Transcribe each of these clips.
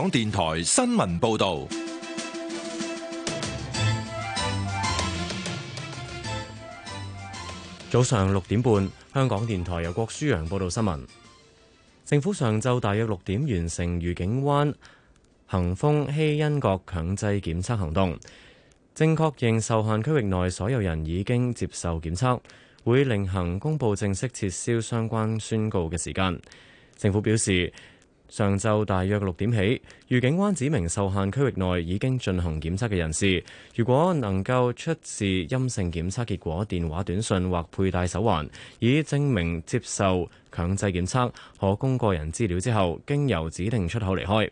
港電台新聞報道，早上六點半，香港電台由郭舒揚報道新聞。政府上晝大約六點完成愉景灣、恒豐、希恩閣強制檢測行動，正確認受限區域內所有人已經接受檢測，會另行公布正式撤銷相關宣告嘅時間。政府表示。上晝大約六點起，御景灣指明受限區域內已經進行檢測嘅人士，如果能夠出示陰性檢測結果、電話短訊或佩戴手環，以證明接受強制檢測，可供個人資料之後經由指定出口離開。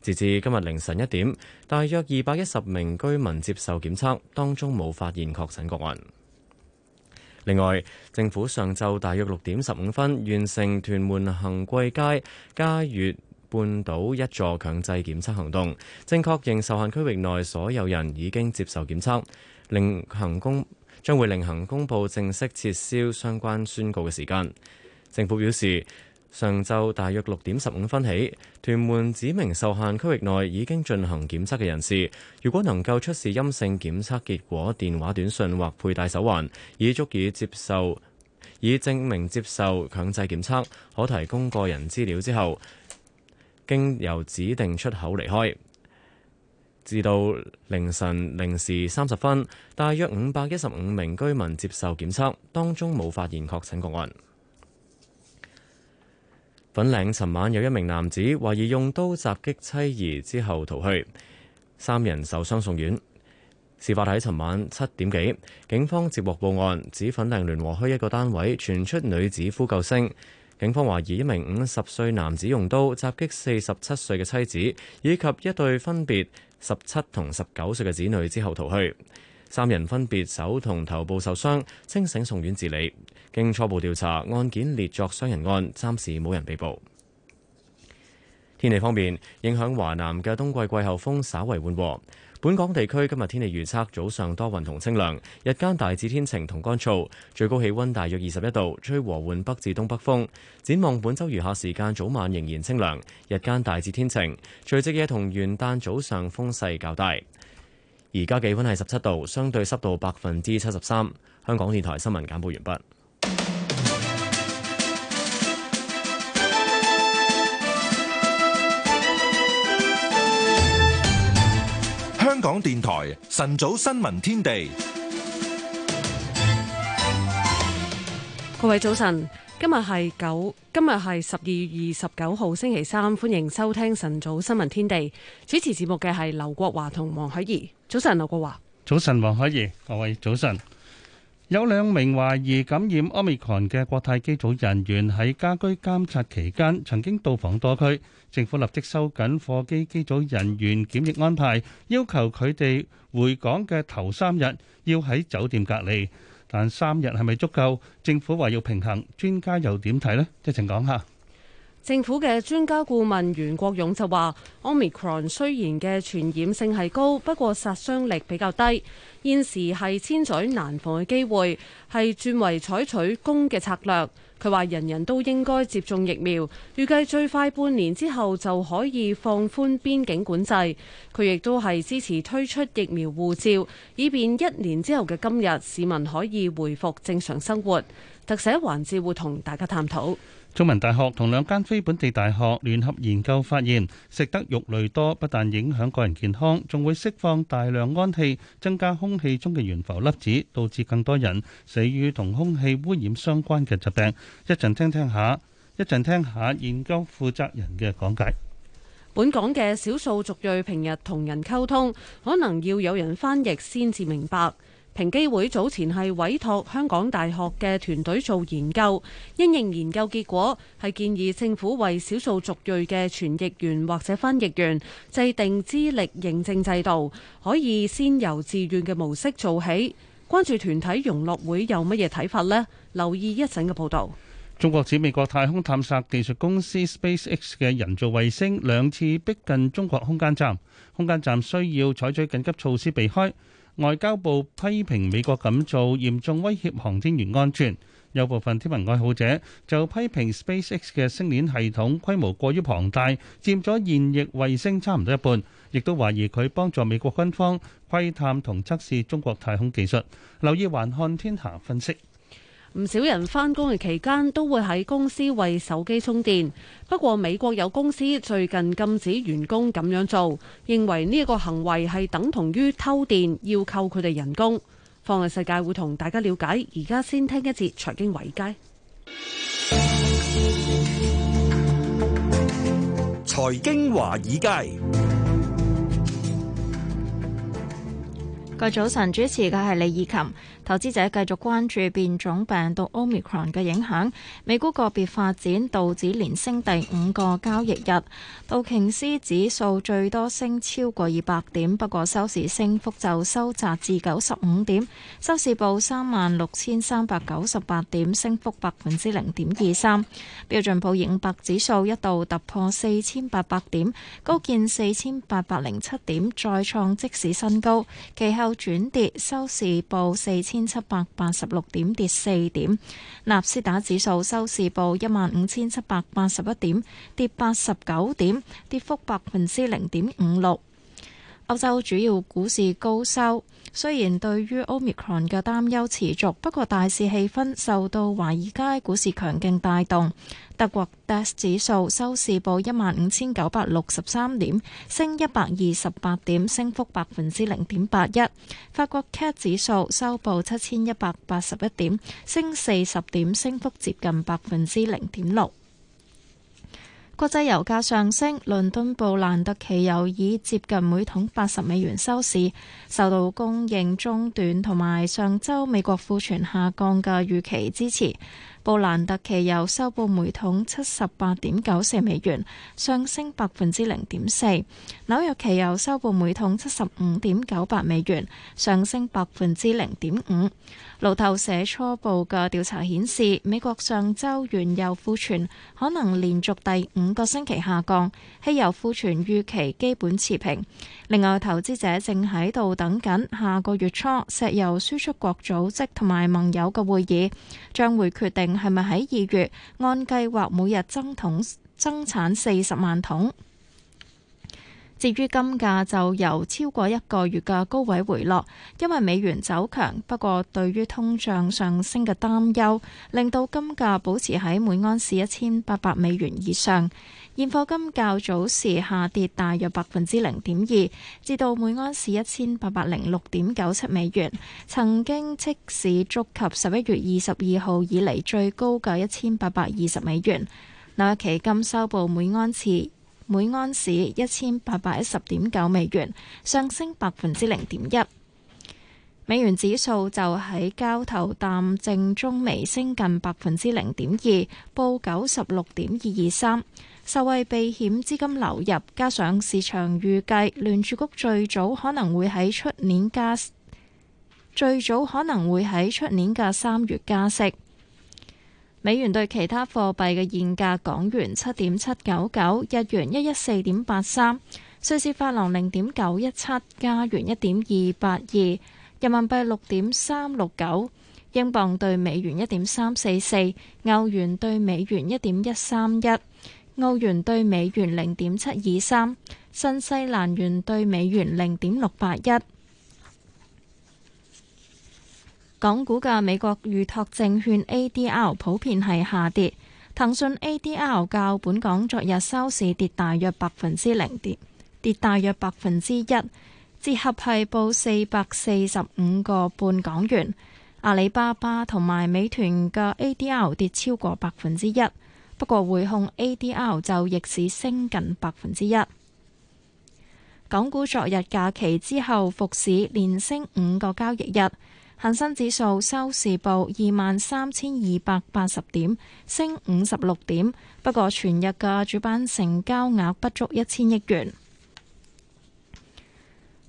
截至今日凌晨一點，大約二百一十名居民接受檢測，當中冇發現確診個案。另外，政府上晝大約六點十五分完成屯門恆貴街嘉悦半島一座強制檢測行動，正確認受限區域內所有人已經接受檢測，另行，行公將會另行公佈正式撤銷相關宣告嘅時間。政府表示。上晝大約六點十五分起，屯門指明受限區域內已經進行檢測嘅人士，如果能夠出示陰性檢測結果、電話短信或佩戴手環，已足以接受以證明接受強制檢測，可提供個人資料之後，經由指定出口離開。至到凌晨零時三十分，大約五百一十五名居民接受檢測，當中冇發現確診個案。粉嶺尋晚有一名男子懷疑用刀襲擊妻兒之後逃去，三人受傷送院。事發喺尋晚七點幾，警方接獲報案指粉嶺聯和墟一個單位傳出女子呼救聲，警方懷疑一名五十歲男子用刀襲擊四十七歲嘅妻子以及一對分別十七同十九歲嘅子女之後逃去，三人分別手同頭部受傷，清醒送院治理。經初步調查，案件列作傷人案，暫時冇人被捕。天氣方面，影響華南嘅冬季季候風稍為緩和。本港地區今日天氣預測早上多雲同清涼，日間大致天晴同乾燥，最高氣温大約二十一度，吹和緩北至東北風。展望本週餘下時間，早晚仍然清涼，日間大致天晴。除夕夜同元旦早上風勢較大。而家氣温係十七度，相對濕度百分之七十三。香港電台新聞簡報完畢。港電台晨早新聞天地，各位早晨，今日係九，今日係十二月二十九號星期三，歡迎收聽晨早新聞天地。主持節目嘅係劉國華同黃海怡。早晨，劉國華早。早晨，黃海怡。各位早晨。有兩名懷疑感染 Omicron 嘅國泰機組人員喺家居監察期間曾經到訪多區，政府立即收緊貨機機組人員檢疫安排，要求佢哋回港嘅頭三日要喺酒店隔離。但三日係咪足夠？政府話要平衡，專家又點睇呢？一陣講下。政府嘅專家顧問袁國勇就話，Omicron 雖然嘅傳染性係高，不過殺傷力比較低。現時係千載難逢嘅機會，係轉為採取攻嘅策略。佢話：人人都應該接種疫苗。預計最快半年之後就可以放寬邊境管制。佢亦都係支持推出疫苗護照，以便一年之後嘅今日市民可以回復正常生活。特寫環節會同大家探討。中文大學同兩間非本地大學聯合研究發現，食得肉類多不但影響個人健康，仲會釋放大量氨氣，增加空氣中嘅懸浮粒子，導致更多人死於同空氣污染相關嘅疾病。一陣聽聽下，一陣聽下研究負責人嘅講解。本港嘅少數族裔平日同人溝通，可能要有人翻譯先至明白。平機會早前係委託香港大學嘅團隊做研究，因應研究結果係建議政府為少數族裔嘅傳譯員或者翻譯員制定資歷認證制度，可以先由自願嘅模式做起。關注團體融樂會有乜嘢睇法呢？留意一陣嘅報導。中國指美國太空探索技術公司 SpaceX 嘅人造衛星兩次逼近中國空間站，空間站需要採取緊急措施避開。外交部批評美國咁做嚴重威脅航天員安全，有部分天文愛好者就批評 SpaceX 嘅星鏈系統規模過於龐大，佔咗現役衛星差唔多一半，亦都懷疑佢幫助美國軍方窺探同測試中國太空技術。留意環看天下分析。唔少人返工嘅期間都會喺公司為手機充電，不過美國有公司最近禁止員工咁樣做，認為呢個行為係等同於偷電，要扣佢哋人工。《放眼世界》會同大家了解，而家先聽一節財經華爾街。財經華爾街，個早晨主持嘅係李以琴。投資者繼續關注變種病毒 Omicron 嘅影響，美股個別發展，道指連升第五個交易日，道瓊斯指數最多升超過二百點，不過收市升幅就收窄至九十五點，收市報三萬六千三百九十八點，升幅百分之零點二三。標準普爾五百指數一度突破四千八百點，高見四千八百零七點，再創即時新高，其後轉跌，收市報四千。千七百八十六點，跌四點。納斯達指數收市報一萬五千七百八十一點，跌八十九點，跌幅百分之零點五六。歐洲主要股市高收，雖然對於 Omicron 嘅擔憂持續，不過大市氣氛受到華爾街股市強勁帶動。德國 DAX 指數收市報一萬五千九百六十三點，升一百二十八點，升幅百分之零點八一。法國 CAC 指數收報七千一百八十一點，升四十點，升幅接近百分之零點六。國際油價上升，倫敦布蘭特期油已接近每桶八十美元收市，受到供應中斷同埋上週美國庫存下降嘅預期支持。布蘭特期油收報每桶七十八點九四美元，上升百分之零點四。紐約期油收報每桶七十五點九八美元，上升百分之零點五。路透社初步嘅調查顯示，美國上周原油庫存可能連續第五個星期下降，汽油庫存預期基本持平。另外，投資者正喺度等緊下個月初石油輸出國組織同埋盟友嘅會議將會決定係咪喺二月按計劃每日增桶增產四十萬桶。至於金價就由超過一個月嘅高位回落，因為美元走強。不過對於通脹上升嘅擔憂，令到金價保持喺每安士一千八百美元以上。現貨金較早時下跌大約百分之零點二，至到每安士一千八百零六點九七美元，曾經即市觸及十一月二十二號以嚟最高嘅一千八百二十美元。紐約期金收報每安士。每安士一千八百一十點九美元，上升百分之零點一。美元指數就喺交投淡靜中微升近百分之零點二，報九十六點二二三。受惠避險資金流入，加上市場預計聯儲局最早可能會喺出年加，最早可能會喺出年嘅三月加息。美元對其他貨幣嘅現價：港元七點七九九，日元一一四點八三，瑞士法郎零點九一七，加元一點二八二，人民幣六點三六九，英鎊對美元一點三四四，歐元對美元一點一三一，澳元對美元零點七二三，新西蘭元對美元零點六八一。港股嘅美國預託證券 A D R 普遍係下跌，騰訊 A D R 較本港昨日收市跌大約百分之零跌跌，大約百分之一，折合係報四百四十五個半港元。阿里巴巴同埋美團嘅 A D R 跌超過百分之一，不過匯控 A D R 就逆市升近百分之一。港股昨日假期之後復市，連升五個交易日。恒生指數收市報二萬三千二百八十點，升五十六點。不過全日嘅主板成交額不足一千億元。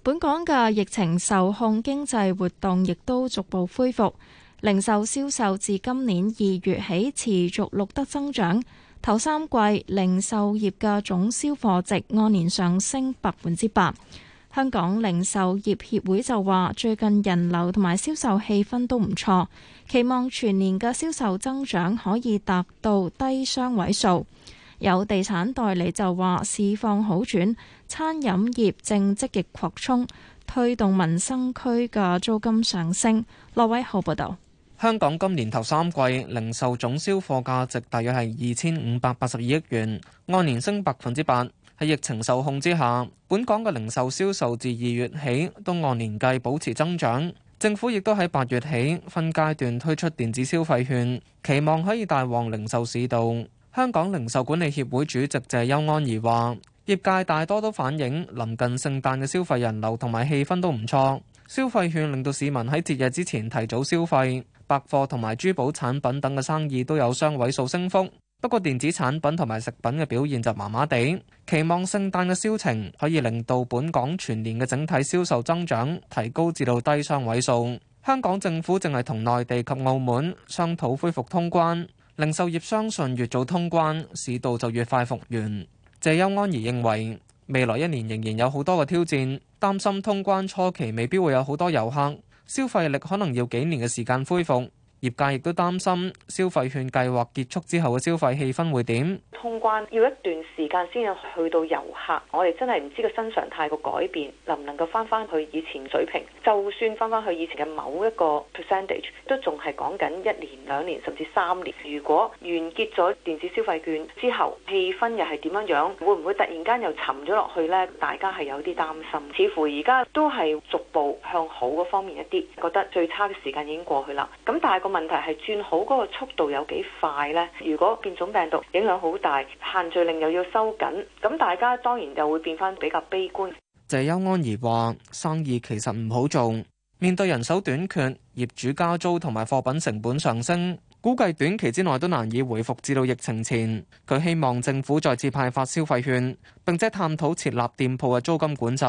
本港嘅疫情受控，經濟活動亦都逐步恢復。零售銷售自今年二月起持續錄得增長，頭三季零售業嘅總銷貨值按年上升百分之八。香港零售業協會就話，最近人流同埋銷售氣氛都唔錯，期望全年嘅銷售增長可以達到低雙位數。有地產代理就話，市況好轉，餐飲業正積極擴充，推動民生區嘅租金上升。羅偉浩報道：「香港今年頭三季零售總銷貨價值大約係二千五百八十二億元，按年升百分之八。喺疫情受控之下，本港嘅零售銷售自二月起都按年計保持增長，政府亦都喺八月起分階段推出電子消費券，期望可以帶旺零售市道。香港零售管理協會主席謝邱安儀話，業界大多都反映臨近聖誕嘅消費人流同埋氣氛都唔錯，消費券令到市民喺節日之前提早消費，百貨同埋珠寶產品等嘅生意都有雙位數升幅。不過電子產品同埋食品嘅表現就麻麻地，期望聖誕嘅銷情可以令到本港全年嘅整體銷售增長提高至到低雙位數。香港政府淨係同內地及澳門商討恢復通關，零售業相信越早通關，市道就越快復原。謝邱安儀認為未來一年仍然有好多嘅挑戰，擔心通關初期未必會有好多遊客，消費力可能要幾年嘅時間恢復。業界亦都擔心消費券計劃結束之後嘅消費氣氛會點？通關要一段時間先至去到遊客，我哋真係唔知個新常態個改變能唔能夠返返去以前水平？就算返返去以前嘅某一個 percentage，都仲係講緊一年、兩年甚至三年。如果完結咗電子消費券之後氣氛又係點樣樣？會唔會突然間又沉咗落去呢？大家係有啲擔心。似乎而家都係逐步向好嗰方面一啲，覺得最差嘅時間已經過去啦。咁大個問題係轉好嗰個速度有幾快呢？如果變種病毒影響好大，限聚令又要收緊，咁大家當然就會變返比較悲觀。謝優安怡話：生意其實唔好做，面對人手短缺、業主加租同埋貨品成本上升，估計短期之內都難以回復至到疫情前。佢希望政府再次派發消費券，並且探討設立店鋪嘅租金管制。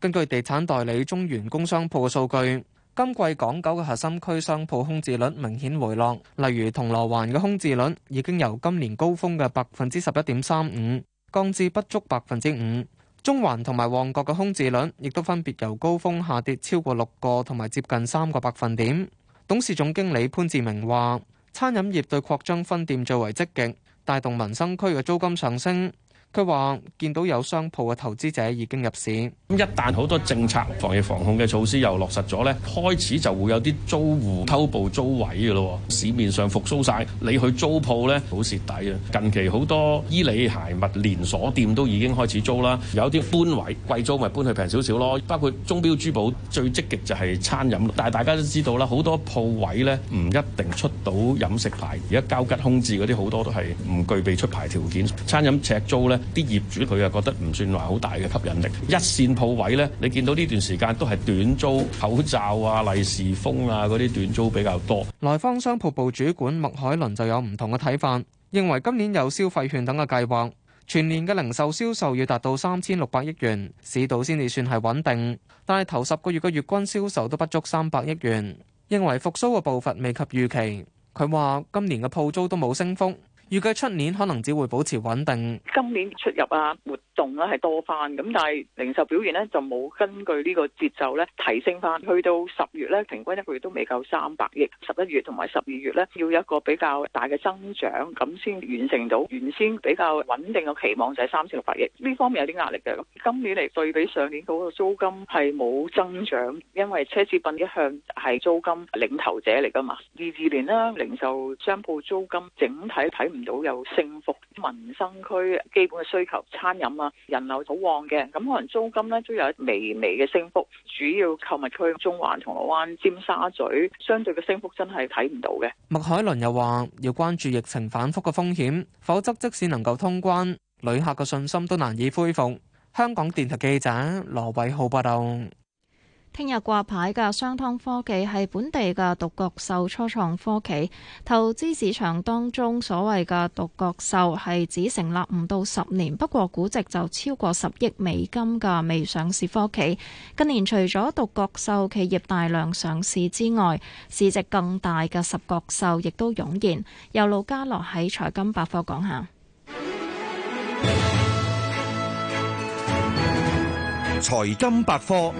根據地產代理中原工商鋪嘅數據。今季港九嘅核心區商鋪空置率明顯回落，例如銅鑼灣嘅空置率已經由今年高峰嘅百分之十一點三五降至不足百分之五。中環同埋旺角嘅空置率亦都分別由高峰下跌超過六個同埋接近三個百分點。董事總經理潘志明話：餐飲業對擴張分店最為積極，帶動民生區嘅租金上升。佢話見到有商鋪嘅投資者已經入市。咁一旦好多政策防疫防控嘅措施又落實咗呢，開始就會有啲租戶偷步租位嘅咯。市面上復甦晒，你去租鋪呢，好蝕底啊！近期好多衣履鞋襪連鎖店都已經開始租啦，有啲搬位貴租咪搬去平少少咯。包括鐘錶珠寶，最積極就係餐飲，但係大家都知道啦，好多鋪位呢唔一定出到飲食牌，而家交吉空置嗰啲好多都係唔具備出牌條件。餐飲尺租呢。啲業主佢又覺得唔算話好大嘅吸引力。一線鋪位呢，你見到呢段時間都係短租口罩啊、利是封啊嗰啲短租比較多。萊坊商鋪部主管麥海倫就有唔同嘅睇法，認為今年有消費券等嘅計劃，全年嘅零售銷售要達到三千六百億元，市道先至算係穩定。但係頭十個月嘅月均銷售都不足三百億元，認為復甦嘅步伐未及預期。佢話今年嘅鋪租都冇升幅。預計出年可能只會保持穩定。今年出入啊活動咧係多翻，咁但係零售表現咧就冇根據呢個節奏咧提升翻。去到十月咧平均一個月都未夠三百億，十一月同埋十二月咧要有一個比較大嘅增長，咁先完成到原先比較穩定嘅期望就係三千六百億。呢方面有啲壓力嘅。咁今年嚟對比上年嗰個租金係冇增長，因為奢侈品一向係租金領頭者嚟㗎嘛。二二年咧零售商鋪租金整體睇唔到有升幅，民生區基本嘅需求，餐飲啊，人流好旺嘅，咁可能租金呢都有微微嘅升幅。主要購物區，中環、銅鑼灣、尖沙咀，相對嘅升幅真係睇唔到嘅。麥海倫又話，要關注疫情反復嘅風險，否則即使能夠通關，旅客嘅信心都難以恢復。香港電台記者羅偉浩報道。聽日掛牌嘅商湯科技係本地嘅獨角獸初創科技。投資市場當中所謂嘅獨角獸係指成立唔到十年，不過估值就超過十億美金嘅未上市科技。近年除咗獨角獸企業大量上市之外，市值更大嘅十角獸亦都湧現。由路家樂喺財金百科講下。財金百科。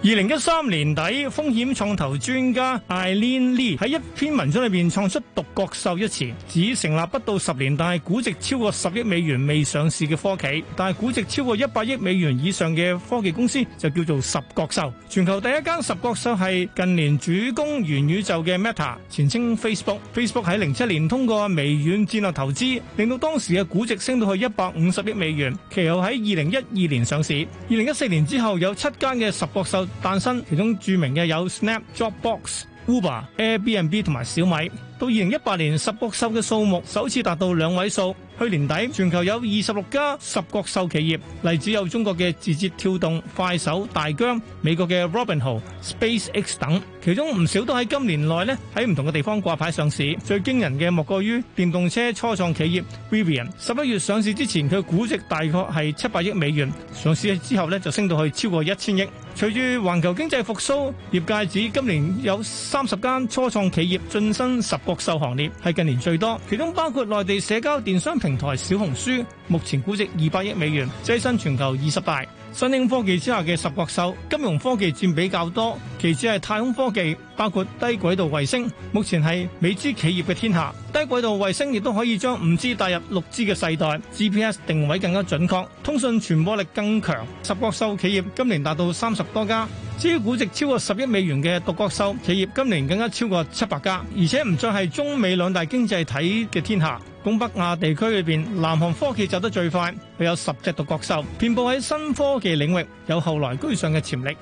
二零一三年底，風險創投專家 Aileen Lee 喺一篇文章裏面創出獨角獸一詞，只成立不到十年但係估值超過十億美元未上市嘅科企，但係估值超過一百億美元以上嘅科技公司就叫做十角獸。全球第一間十角獸係近年主攻元宇宙嘅 Meta，前稱 Facebook。Facebook 喺零七年通過微軟戰略投資，令到當時嘅估值升到去一百五十億美元，其後喺二零一二年上市。二零一四年之後有七間嘅十角獸誕生。其中著名嘅有 Snap、Dropbox、Uber、Airbnb 同埋小米。到二零一八年，獨角獸嘅數目首次達到兩位數。去年底全球有二十六家獨角獸企業，例子有中國嘅字節跳動、快手、大疆、美國嘅 Robinhood、SpaceX 等。其中唔少都喺今年內呢，喺唔同嘅地方掛牌上市。最驚人嘅莫過於電動車初創企業 Rivian，十一月上市之前，佢估值大概係七百億美元，上市之後呢，就升到去超過一千億。隨住環球經濟復甦，業界指今年有三十間初創企業晉身獨角獸行列，係近年最多。其中包括內地社交電商平台小紅書，目前估值二百億美元，躋身全球二十大。新興科技之下嘅獨角獸，金融科技佔比較多，其次係太空科技。包括低軌道衛星，目前係美資企業嘅天下。低軌道衛星亦都可以將五 G 帶入六 G 嘅世代，GPS 定位更加準確，通訊傳播力更強。十角獸企業今年達到三十多家，至於估值超過十億美元嘅獨角獸企業，今年更加超過七百家，而且唔再係中美兩大經濟體嘅天下。東北亞地區裏邊，南韓科技走得最快，佢有十隻獨角獸，遍布喺新科技領域，有後來居上嘅潛力。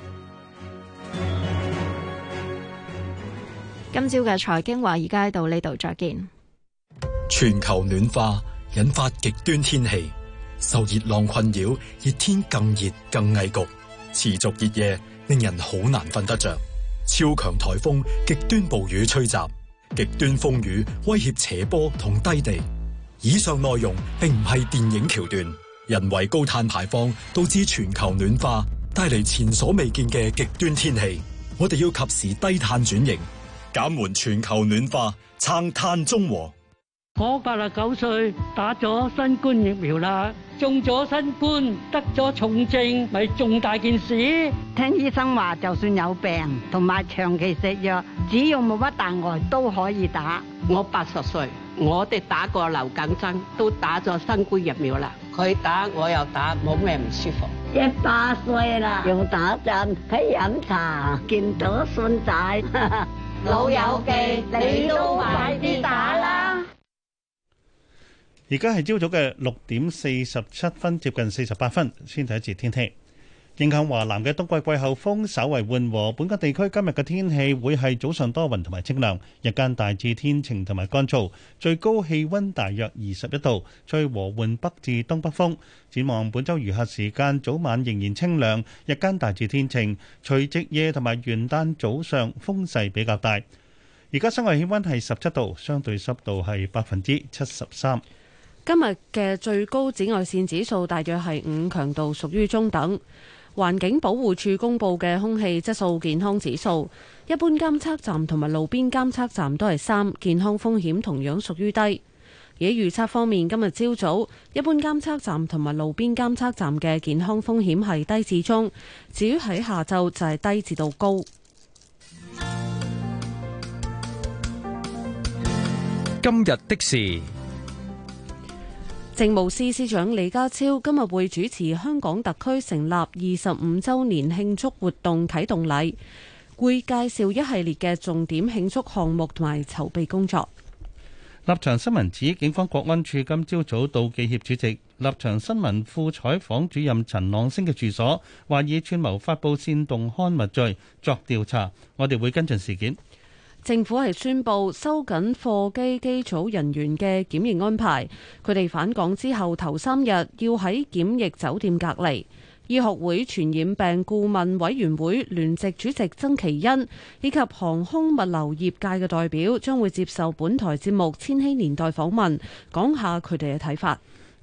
今朝嘅財經話，而家到呢度再見。全球暖化引發極端天氣，受熱浪困擾，熱天更熱更危局，持續熱夜令人好難瞓得着。超強台風、極端暴雨吹、吹襲、極端風雨威脅斜坡同低地。以上內容並唔係電影橋段。人為高碳排放導致全球暖化，帶嚟前所未見嘅極端天氣。我哋要及時低碳轉型。減緩全球暖化，撐碳中和。我八十九歲，打咗新冠疫苗啦，中咗新冠，得咗重症，咪重大件事。聽醫生話，就算有病同埋長期食藥，只要冇乜大礙，都可以打。我八十歲，我哋打過流感針，都打咗新冠疫苗啦。佢打我又打，冇咩唔舒服。一百歲啦，用打針，喺飲茶，見到信仔。老友記，你都快啲打啦！而家係朝早嘅六點四十七分，接近四十八分，先睇一節天氣。影響華南嘅冬季季候風稍為緩和，本港地區今日嘅天氣會係早上多雲同埋清涼，日間大致天晴同埋乾燥，最高氣温大約二十一度，吹和緩北至東北風。展望本週餘下時間，早晚仍然清涼，日間大致天晴，除夕夜同埋元旦早上風勢比較大。而家室外氣温係十七度，相對濕度係百分之七十三。今日嘅最高紫外線指數大約係五，強度屬於中等。環境保護署公布嘅空氣質素健康指數，一般監測站同埋路邊監測站都係三，健康風險同樣屬於低。而喺預測方面，今日朝早一般監測站同埋路邊監測站嘅健康風險係低至中，至於喺下晝就係低至到高。今日的事。政務司司長李家超今日會主持香港特區成立二十五周年慶祝活動啟動禮，會介紹一系列嘅重點慶祝項目同埋籌備工作。立場新聞指，警方國安處今朝早到記協主席、立場新聞副採訪主任陳朗昇嘅住所，話以串謀發布煽動刊物罪作調查。我哋會跟進事件。政府係宣布收緊貨機機組人員嘅檢疫安排，佢哋返港之後頭三日要喺檢疫酒店隔離。醫學會傳染病顧問委員會聯席主席曾其恩以及航空物流業界嘅代表將會接受本台節目《千禧年代》訪問，講下佢哋嘅睇法。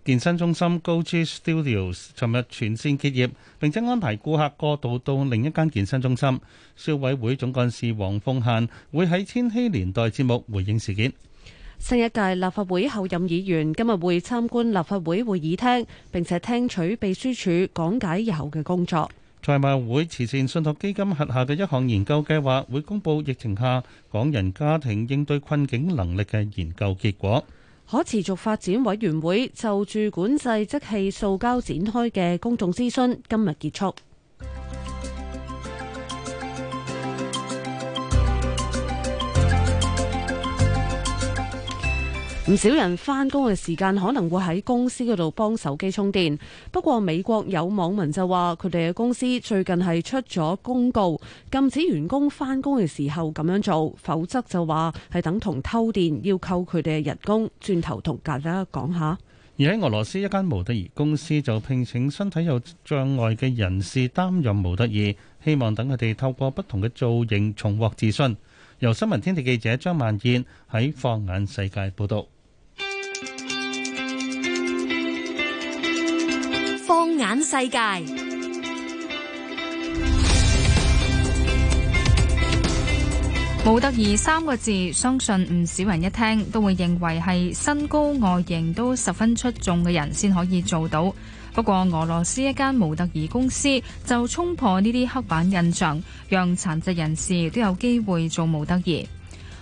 健身中心 Goji Studios 昨日全線結業，並且安排顧客過渡到另一間健身中心。消委會總幹事黃鳳嫻會喺千禧年代節目回應事件。新一屆立法會候任議員今日會參觀立法會會議廳，並且聽取秘書處講解以後嘅工作。賽馬會慈善信託基金轄下嘅一項研究計劃會公佈疫情下港人家庭應對困境能力嘅研究結果。可持續發展委員會就住管制即棄塑膠展開嘅公眾諮詢，今日結束。唔少人翻工嘅時間可能會喺公司嗰度幫手機充電，不過美國有網民就話佢哋嘅公司最近係出咗公告禁止員工翻工嘅時候咁樣做，否則就話係等同偷電，要扣佢哋嘅人工，轉頭同大家講下。而喺俄羅斯一間模特兒公司就聘請身體有障礙嘅人士擔任模特兒，希望等佢哋透過不同嘅造型重獲自信。由新聞天地記者張萬燕喺放眼世界報道。眼世界，模特兒三個字，相信唔少人一聽都會認為係身高外形，都十分出眾嘅人先可以做到。不過俄羅斯一間模特兒公司就衝破呢啲黑板印象，讓殘疾人士都有機會做模特兒。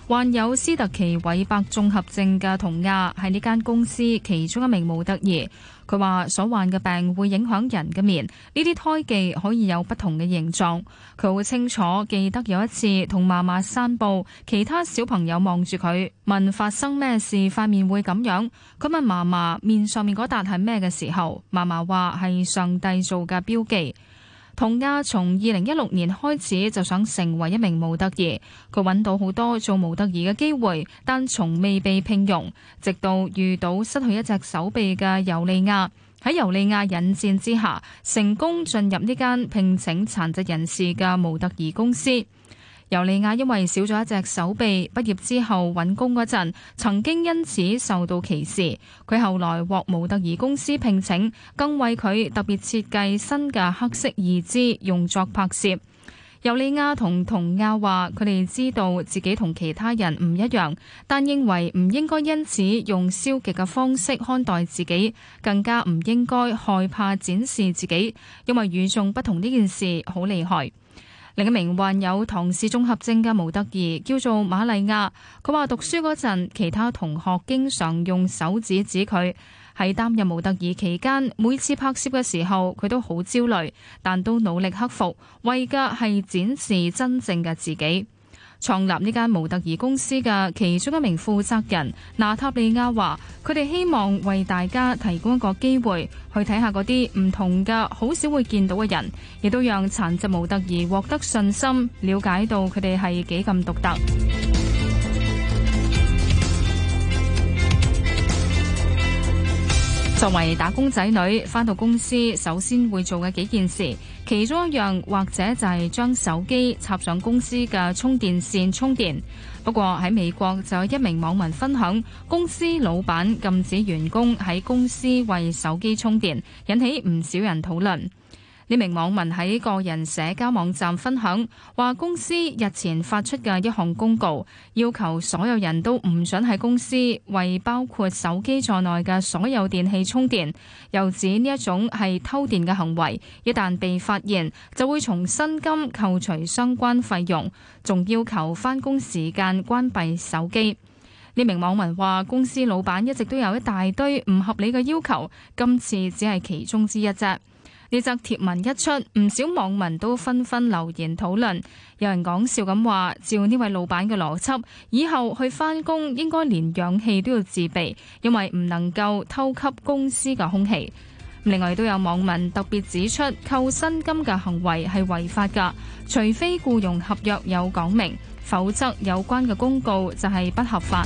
患有斯特奇韋伯綜合症嘅童亞係呢間公司其中一名模特兒，佢話所患嘅病會影響人嘅面，呢啲胎記可以有不同嘅形狀。佢好清楚記得有一次同媽媽散步，其他小朋友望住佢，問發生咩事塊面會咁樣。佢問媽媽面上面嗰笪係咩嘅時候，媽媽話係上帝做嘅標記。同亞從二零一六年開始就想成為一名模特兒，佢揾到好多做模特兒嘅機會，但從未被聘用。直到遇到失去一隻手臂嘅尤利亞，喺尤利亞引薦之下，成功進入呢間聘請殘疾人士嘅模特兒公司。尤利亞因為少咗一隻手臂，畢業之後揾工嗰陣，曾經因此受到歧視。佢後來獲模特兒公司聘請，更為佢特別設計新嘅黑色義肢，用作拍攝。尤利亞同同亞話，佢哋知道自己同其他人唔一樣，但認為唔應該因此用消極嘅方式看待自己，更加唔應該害怕展示自己，因為與眾不同呢件事好厲害。另一名患有唐氏綜合症嘅模特兒叫做瑪麗亞，佢話讀書嗰陣，其他同學經常用手指指佢。喺擔任模特兒期間，每次拍攝嘅時候，佢都好焦慮，但都努力克服，為嘅係展示真正嘅自己。創立呢間模特兒公司嘅其中一名負責人娜塔莉亞話，佢哋希望為大家提供一個機會去睇下嗰啲唔同嘅、好少會見到嘅人，亦都讓殘疾模特兒獲得信心，了解到佢哋係幾咁獨特。作為打工仔女，返到公司首先會做嘅幾件事，其中一樣或者就係將手機插上公司嘅充電線充電。不過喺美國就有一名網民分享，公司老闆禁止員工喺公司為手機充電，引起唔少人討論。呢名網民喺個人社交網站分享，話公司日前發出嘅一項公告，要求所有人都唔准喺公司為包括手機在內嘅所有電器充電，又指呢一種係偷電嘅行為，一旦被發現就會從薪金扣除相關費用，仲要求翻工時間關閉手機。呢名網民話，公司老闆一直都有一大堆唔合理嘅要求，今次只係其中之一啫。呢則貼文一出，唔少網民都紛紛留言討論，有人講笑咁話：照呢位老闆嘅邏輯，以後去返工應該連氧氣都要自備，因為唔能夠偷吸公司嘅空氣。另外，都有網民特別指出，扣薪金嘅行為係違法㗎，除非僱傭合約有講明，否則有關嘅公告就係不合法。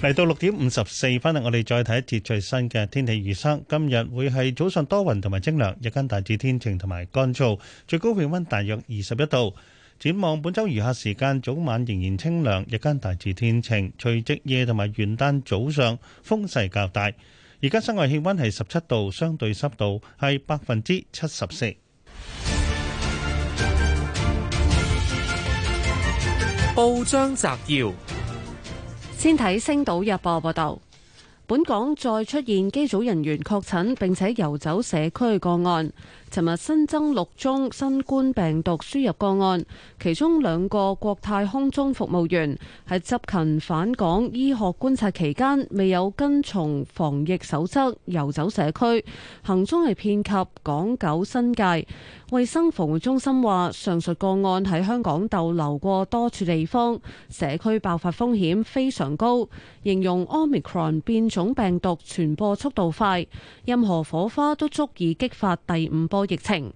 嚟到六點五十四分啦，我哋再睇一節最新嘅天氣預測。今日會係早上多雲同埋清涼，日間大致天晴同埋乾燥，最高氣溫大約二十一度。展望本周餘下時間，早晚仍然清涼，日間大致天晴。除夕夜同埋元旦早上風勢較大。而家室外氣溫係十七度，相對濕度係百分之七十四。報章摘要。先睇《星島日報》報道，本港再出現機組人員確診，並且遊走社區個案。尋日新增六宗新冠病毒輸入個案，其中兩個國泰空中服務員喺執勤返港醫學觀察期間未有跟從防疫守則遊走社區，行蹤係遍及港九新界。衛生防護中心話，上述個案喺香港逗留過多處地方，社區爆發風險非常高，形容 Omicron 變種病毒傳播速度快，任何火花都足以激發第五波。疫情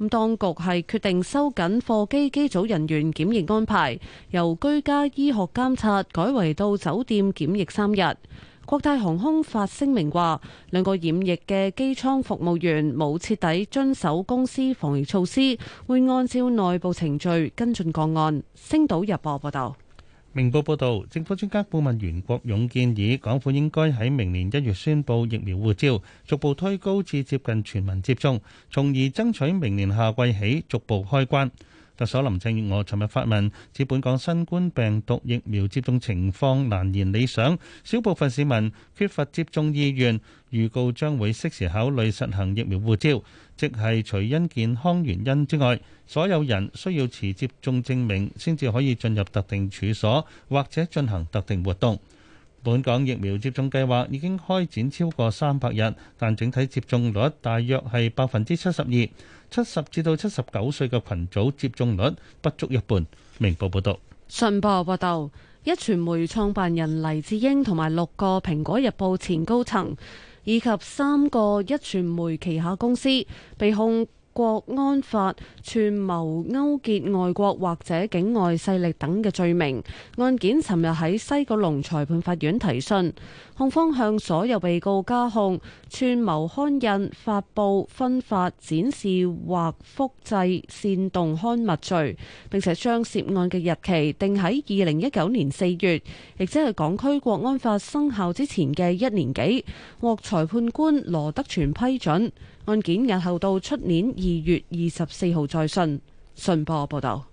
咁，當局係決定收緊貨機機組人員檢疫安排，由居家醫學監察改為到酒店檢疫三日。國泰航空發聲明話，兩個染疫嘅機艙服務員冇徹底遵守公司防疫措施，會按照內部程序跟進個案。星島日報報道。明報報道，政府專家顧問袁國勇建議，港府應該喺明年一月宣布疫苗護照，逐步推高至接近全民接種，從而爭取明年夏季起逐步開關。特首林鄭月娥尋日發問，指本港新冠病毒疫苗接種情況難言理想，少部分市民缺乏接種意願，預告將會適時考慮實行疫苗護照。即係除因健康原因之外，所有人需要持接種證明先至可以進入特定處所，或者進行特定活動。本港疫苗接種計劃已經開展超過三百日，但整體接種率大約係百分之七十二。七十至到七十九歲嘅群組接種率不足一半。明報報道。信報報道，一傳媒創辦人黎智英同埋六個《蘋果日報》前高層。以及三個壹傳媒旗下公司被控。國安法串謀勾結、外國或者境外勢力等嘅罪名，案件尋日喺西九龍裁判法院提訊，控方向所有被告加控串謀刊印、發布、分發、展示或複製煽動刊物罪，並且將涉案嘅日期定喺二零一九年四月，亦即係港區國安法生效之前嘅一年幾，獲裁判官羅德全批准。案件押後到出年二月二十四號再訊。信報報道，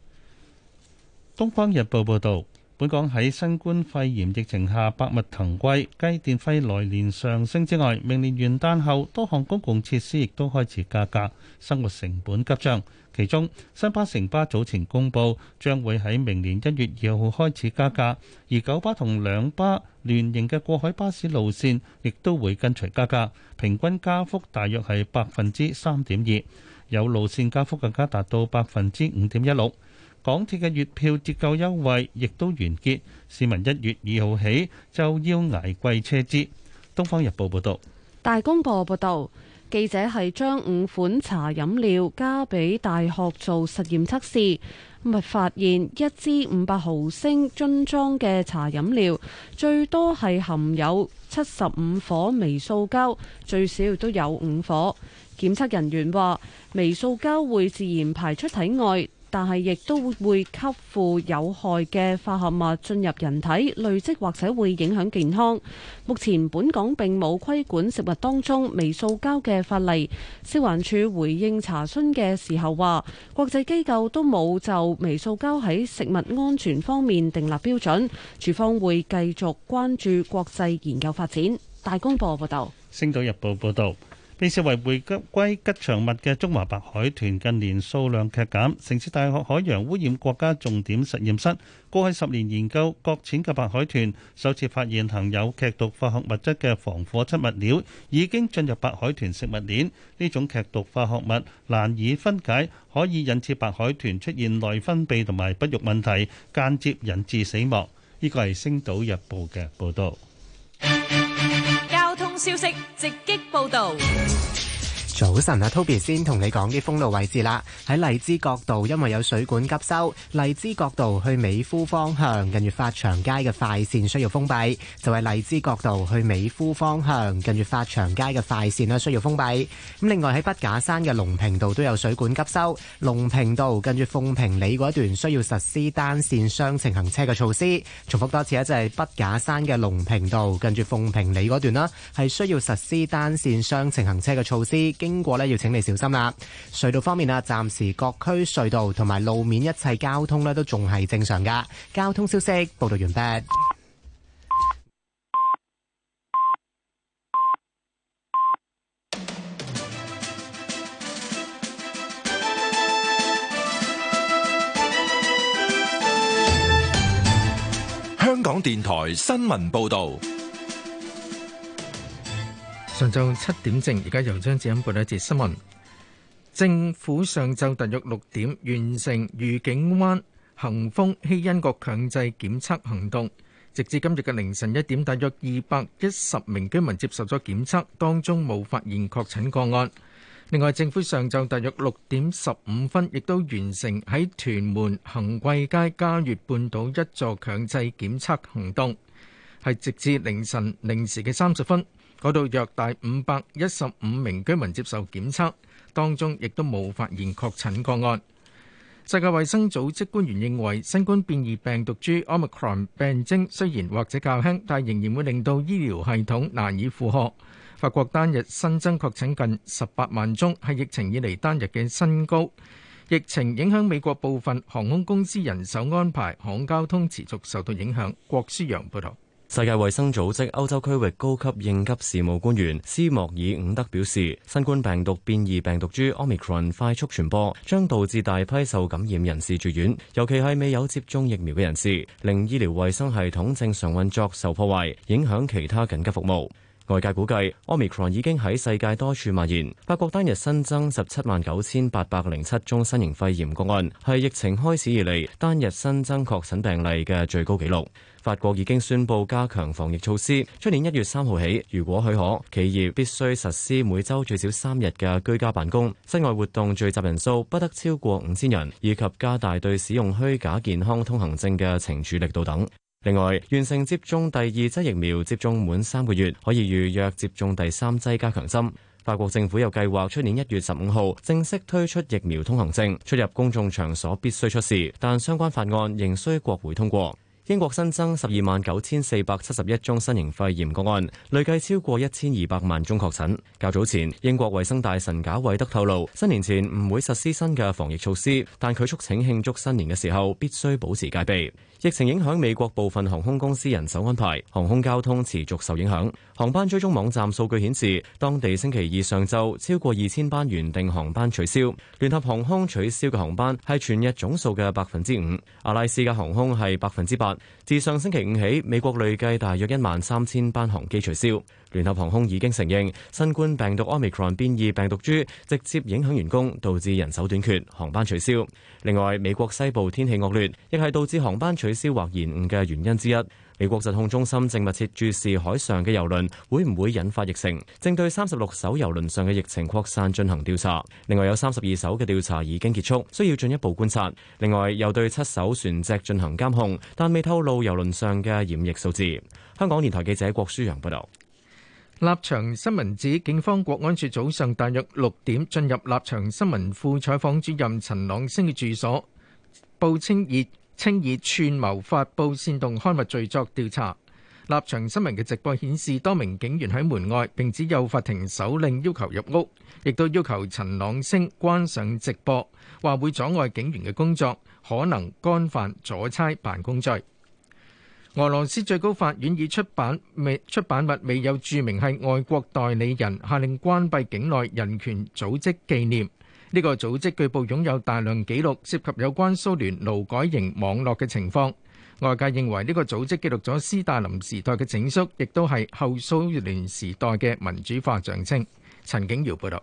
東方日報報道。本港喺新冠肺炎疫情下百物騰貴，雞電費來年上升之外，明年元旦後多項公共設施亦都開始加價，生活成本急漲，其中，新巴、城巴早前公布將會喺明年一月二號開始加價，而九巴同兩巴聯營嘅過海巴士路綫亦都會跟隨加價，平均加幅大約係百分之三點二，有路綫加幅更加達到百分之五點一六。港鐵嘅月票折扣優惠亦都完結，市民一月二號起就要捱貴車資。《東方日報》報道，大公報報道，記者係將五款茶飲料加俾大學做實驗測試，咁發現一支五百毫升樽裝嘅茶飲料最多係含有七十五顆微塑膠，最少都有五顆。檢測人員話，微塑膠會自然排出體外。但係，亦都會吸附有害嘅化學物進入人體累積，或者會影響健康。目前本港並冇規管食物當中微塑膠嘅法例。食環署回應查詢嘅時候話：國際機構都冇就微塑膠喺食物安全方面定立標準，署方會繼續關注國際研究發展。大公報報道。星島日報報道。被視為回歸吉祥物嘅中華白海豚近年數量劇減。城市大學海洋污染國家重點實驗室過去十年研究，擱淺嘅白海豚首次發現含有劇毒化學物質嘅防火漆物料已經進入白海豚食物鏈。呢種劇毒化學物難以分解，可以引致白海豚出現內分泌同埋不育問題，間接引致死亡。呢個係《星島日報》嘅報導。消息直擊報導。Yes. 早晨啊，Toby 先同你講啲封路位置啦。喺荔枝角道，因為有水管急修，荔枝角道去美孚方向，近住發祥街嘅快線需要封閉，就係荔枝角道去美孚方向，近住發祥街嘅快線咧需要封閉。咁另外喺北假山嘅龍坪道都有水管急修，龍坪道跟住鳳坪里嗰段需要實施單線雙程行車嘅措施。重複多次啊，就係北假山嘅龍坪道跟住鳳坪里嗰段啦，係需要實施單線雙程行車嘅措施。經過咧，要請你小心啦。隧道方面啊，暫時各區隧道同埋路面一切交通咧，都仲係正常㗎。交通消息，報道完畢。香港電台新聞報道。上晝七點正，而家由張志欣報道一節新聞。政府上晝大約六點完成愉景灣恒豐希恩國強制檢測行動，直至今日嘅凌晨一點，大約二百一十名居民接受咗檢測，當中冇發現確診個案。另外，政府上晝大約六點十五分亦都完成喺屯門恒貴街嘉悅半島一座強制檢測行動，係直至凌晨零時嘅三十分。嗰度約大五百一十五名居民接受檢測，當中亦都冇發現確診個案。世界衛生組織官員認為，新冠變異病毒株 Omicron 病徵雖然或者較輕，但仍然會令到醫療系統難以負荷。法國單日新增確診近十八萬宗，係疫情以嚟單日嘅新高。疫情影響美國部分航空公司人手安排，航交通持續受到影響。郭思洋報道。世界衛生組織歐洲區域高級應急事務官員斯莫爾伍德表示，新冠病毒變異病毒株 Omicron 快速傳播，將導致大批受感染人士住院，尤其係未有接種疫苗嘅人士，令醫療衛生系統正常運作受破壞，影響其他緊急服務。外界估計，Omicron 已經喺世界多處蔓延。法國單日新增十七萬九千八百零七宗新型肺炎個案，係疫情開始以嚟單日新增確診病例嘅最高紀錄。法國已經宣布加強防疫措施，出年一月三號起，如果許可，企業必須實施每週最少三日嘅居家辦公，室外活動聚集人數不得超過五千人，以及加大對使用虛假健康通行證嘅懲處力度等。另外，完成接種第二劑疫苗接種滿三個月，可以預約接種第三劑加強針。法國政府又計劃，出年一月十五號正式推出疫苗通行證，出入公眾場所必須出示，但相關法案仍需國會通過。英國新增十二萬九千四百七十一宗新型肺炎個案，累計超過一千二百萬宗確診。較早前，英國衛生大臣賈偉德透露，新年前唔會實施新嘅防疫措施，但佢促請慶祝新年嘅時候必須保持戒備。疫情影響美國部分航空公司人手安排，航空交通持續受影響。航班追蹤網站數據顯示，當地星期二上晝超過二千班原定航班取消。聯合航空取消嘅航班係全日總數嘅百分之五，阿拉斯加航空係百分之八。自上星期五起，美國累計大約一萬三千班航機取消。聯合航空已經承認，新冠病毒 Omicron 變異病毒株直接影響員工，導致人手短缺，航班取消。另外，美國西部天氣惡劣，亦係導致航班取消或延誤嘅原因之一。美國疾控中心正密切注視海上嘅郵輪，會唔會引發疫情？正對三十六艘郵輪上嘅疫情擴散進行調查。另外有三十二艘嘅調查已經結束，需要進一步觀察。另外又對七艘船隻進行監控，但未透露郵輪上嘅染疫數字。香港電台記者郭舒揚報道，立場新聞指警方國安處早上大約六點進入立場新聞副採訪主任陳朗昇嘅住所，報稱已。稱以串謀發布煽動刊物罪作調查。立場新聞嘅直播顯示多名警員喺門外，並指有法庭手令要求入屋，亦都要求陳朗昇關上直播，話會阻礙警員嘅工作，可能干犯阻差辦公罪。俄羅斯最高法院以出版未出版物未有註明係外國代理人，下令關閉境內人權組織紀念。呢個組織據報擁有大量記錄，涉及有關蘇聯勞改營網絡嘅情況，外界認為呢個組織記錄咗斯大林時代嘅整肅，亦都係後蘇聯時代嘅民主化象徵，陳景瑤報道。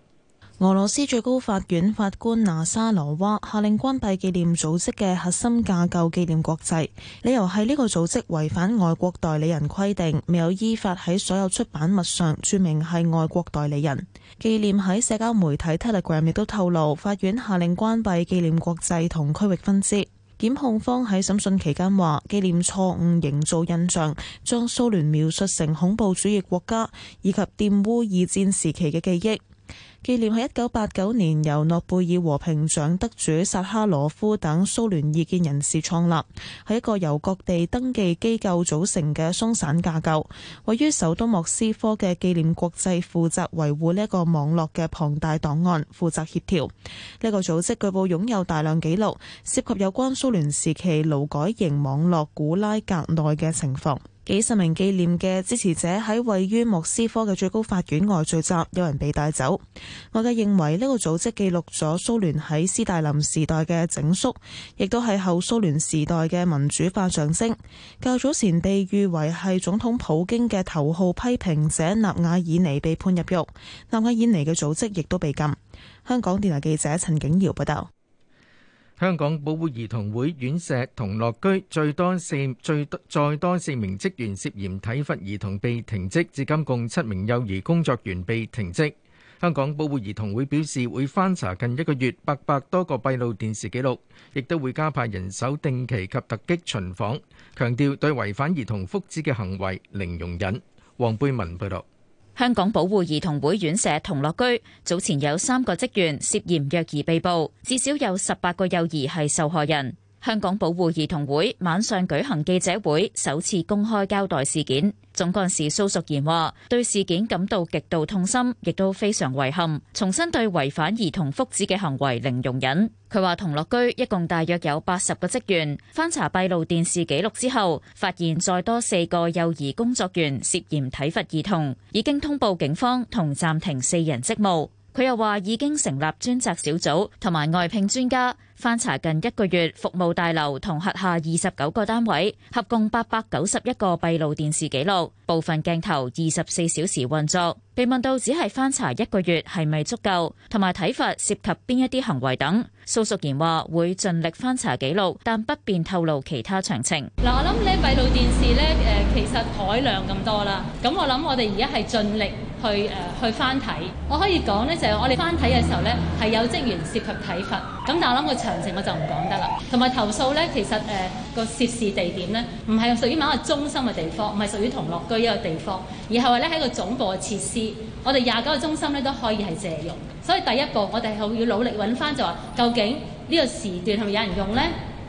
俄羅斯最高法院法官娜莎羅娃下令關閉紀念組織嘅核心架構紀念國際，理由係呢個組織違反外國代理人規定，未有依法喺所有出版物上注明係外國代理人。紀念喺社交媒體 Telegram 亦都透露，法院下令關閉紀念國際同區域分支。檢控方喺審訊期間話，紀念錯誤營造印象，將蘇聯描述成恐怖主義國家，以及玷污二戰時期嘅記憶。紀念喺一九八九年由諾貝爾和平獎得主薩哈羅夫等蘇聯異見人士創立，係一個由各地登記機構組成嘅鬆散架構，位於首都莫斯科嘅紀念國際負責維護呢一個網絡嘅龐大檔案，負責協調。呢個組織，據報擁有大量記錄，涉及有關蘇聯時期勞改營網絡古拉格內嘅情況。幾十名紀念嘅支持者喺位於莫斯科嘅最高法院外聚集，有人被帶走。外界認為呢個組織記錄咗蘇聯喺斯大林時代嘅整肅，亦都係後蘇聯時代嘅民主化上升。較早前被譽為係總統普京嘅頭號批評者納瓦爾尼被判入獄，納瓦爾尼嘅組織亦都被禁。香港電台記者陳景瑤報道。香港保護兒童會院舍同樂居最多四最多再多四名職員涉嫌體罰兒童被停職，至今共七名幼兒工作員被停職。香港保護兒童會表示會翻查近一個月八百多個閉路電視記錄，亦都會加派人手定期及突擊巡訪，強調對違反兒童福祉嘅行為零容忍。黃貝文報道。香港保護兒童會院舍同樂居早前有三個職員涉嫌虐兒被捕，至少有十八個幼兒係受害人。香港保護兒童會晚上舉行記者會，首次公開交代事件。總幹事蘇淑賢話，對事件感到極度痛心，亦都非常遺憾。重新對違反兒童福祉嘅行為零容忍。佢話：同樂居一共大約有八十個職員，翻查閉路電視記錄之後，發現再多四個幼兒工作員涉嫌體罰兒童，已經通報警方同暫停四人職務。佢又話：已經成立專責小組同埋外聘專家。翻查近一個月服務大樓同轄下二十九個單位，合共八百九十一個閉路電視紀錄，部分鏡頭二十四小時運作。被問到只係翻查一個月係咪足夠，同埋體罰涉及邊一啲行為等，蘇淑賢話會盡力翻查紀錄，但不便透露其他詳情。嗱，我諗呢，閉路電視咧，誒，其實海量咁多啦，咁我諗我哋而家係盡力。去誒、呃、去翻睇，我可以講呢，就係、是、我哋翻睇嘅時候呢，係有職員涉及體罰，咁但係我諗個詳情我就唔講得啦。同埋投訴呢，其實誒、呃、個涉事地點呢，唔係屬於某個中心嘅地方，唔係屬於同樂居一個地方，而係話呢喺個總部嘅設施，我哋廿九個中心呢都可以係借用。所以第一步我哋係要努力揾翻就話究竟呢個時段係咪有人用呢？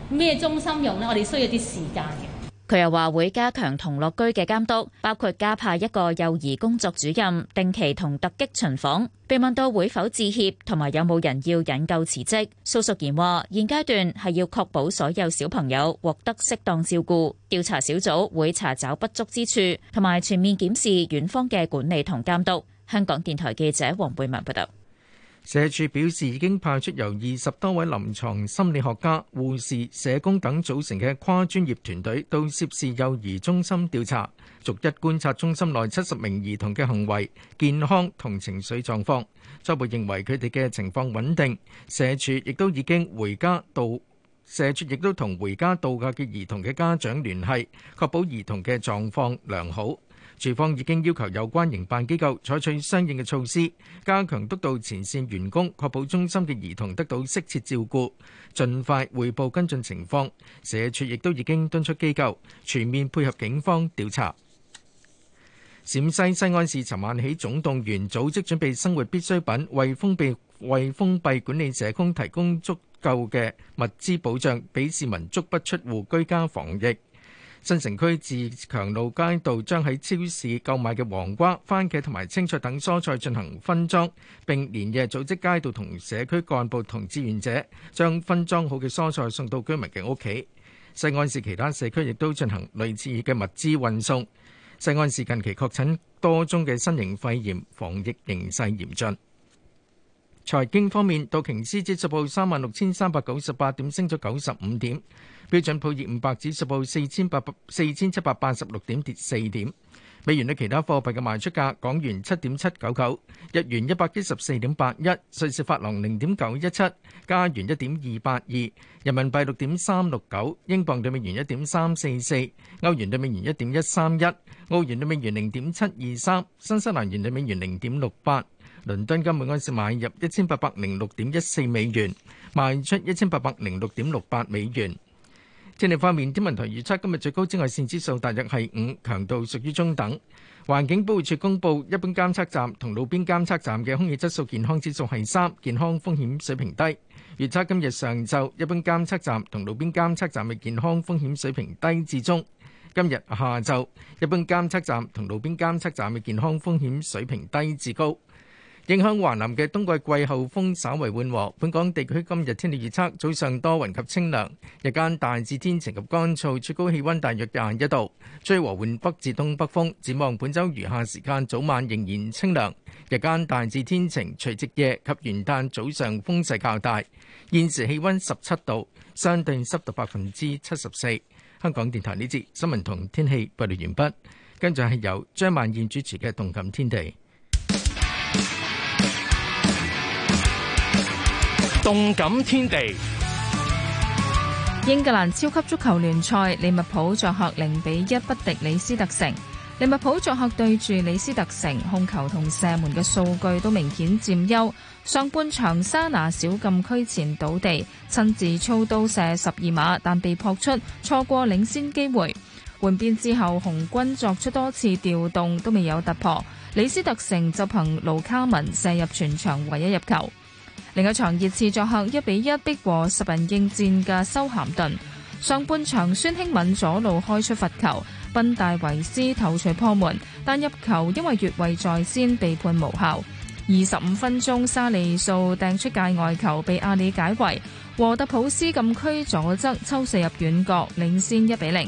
咩中心用呢？我哋需要啲時間嘅。佢又話會加強同樂居嘅監督，包括加派一個幼兒工作主任，定期同突擊巡訪。被問到會否致歉同埋有冇人要引咎辭職，蘇淑賢話：現階段係要確保所有小朋友獲得適當照顧，調查小組會查找不足之處，同埋全面檢視院方嘅管理同監督。香港電台記者黃貝文報道。社署表示，已經派出由二十多位臨牀心理學家、護士、社工等組成嘅跨專業團隊到涉事幼兒中心調查，逐一觀察中心內七十名兒童嘅行為、健康同情緒狀況。初步認為佢哋嘅情況穩定。社署亦都已經回家度，社署亦都同回家度假嘅兒童嘅家長聯繫，確保兒童嘅狀況良好。社署已經要求有關營辦機構採取相應嘅措施，加強督導前線員工，確保中心嘅兒童得到適切照顧，盡快匯報跟進情況。社署亦都已經敦促機構全面配合警方調查。陝西西安市尋晚起總動員，組織準備生活必需品，為封閉為封閉管理社工提供足夠嘅物資保障，俾市民足不出戶居家防疫，新城區自強路街道將喺超市購買嘅黃瓜、番茄同埋青菜等蔬菜進行分裝，並連夜組織街道同社區幹部同志願者將分裝好嘅蔬菜送到居民嘅屋企。西安市其他社區亦都進行類似嘅物資運送。西安市近期確診多宗嘅新型肺炎，防疫形勢嚴峻。財經方面，道瓊斯指數報三萬六千三百九十八點，升咗九十五點。標準普爾五百指數報四千八百四千七百八十六點，跌四點。美元對其他貨幣嘅賣出價：港元七點七九九，日元一百一十四點八一，瑞士法郎零點九一七，加元一點二八二，人民幣六點三六九，英鎊對美元一點三四四，歐元對美元一點一三一，澳元對美元零點七二三，新西蘭元對美元零點六八。倫敦金每安士買入一千八百零六點一四美元，賣出一千八百零六點六八美元。天氣方面，天文台預測今日最高紫外線指數大約係五，強度屬於中等。環境保護署公布，一般監測站同路邊監測站嘅空氣質素健康指數係三，健康風險水平低。預測今日上晝，一般監測站同路邊監測站嘅健康風險水平低至中。今日下晝，一般監測站同路邊監測站嘅健康風險水平低至高。影響華南嘅冬季季候風稍為緩和，本港地區今日天氣預測早上多雲及清涼，日間大致天晴及乾燥，最高氣温大約廿一度。吹和緩北至東北風，展望本週餘下時間早晚仍然清涼，日間大致天晴，除夕夜及元旦早上風勢較大。現時氣温十七度，相對濕度百分之七十四。香港電台呢節新聞同天氣報道完畢，跟住係由張曼燕主持嘅《動感天地》。動感天地。英格蘭超級足球聯賽，利物浦作客零比一不敵李斯特城。利物浦作客對住李斯特城，控球同射門嘅數據都明顯佔優。上半場，沙拿小禁區前倒地，親自操刀射十二碼，但被撲出，錯過領先機會。換邊之後，紅軍作出多次調動，都未有突破。李斯特城就憑盧卡文射入全場唯一入球。另一場熱刺作客一比一逼和十人應戰嘅修咸頓。上半場孫興敏左路開出罰球，賓戴維斯頭槌破門，但入球因為越位在先被判無效。二十五分鐘，沙利素掟出界外球被阿里解圍，和特普斯禁區左側抽射入遠角，領先一比零。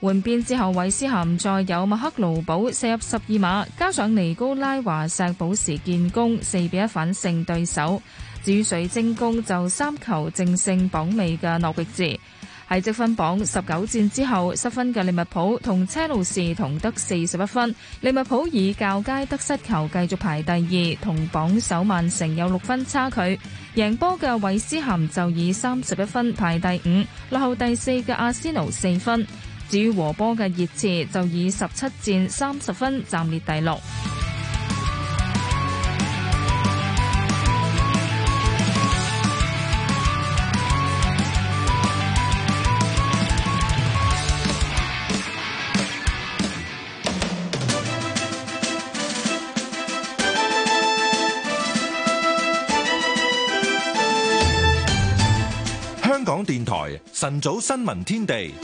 換邊之後，韋斯咸再有麥克盧保射入十二碼，加上尼高拉華石保時建功，四比一反勝對手。至於水晶宮就三球淨勝榜尾嘅諾域治，喺積分榜十九戰之後失分嘅利物浦同車路士同得四十一分，利物浦以較佳得失球繼續排第二，同榜首曼城有六分差距。贏波嘅韋斯咸就以三十一分排第五，落後第四嘅阿仙奴四分。至於和波嘅熱刺就以十七戰三十分暫列第六。香港電台晨早新聞天地。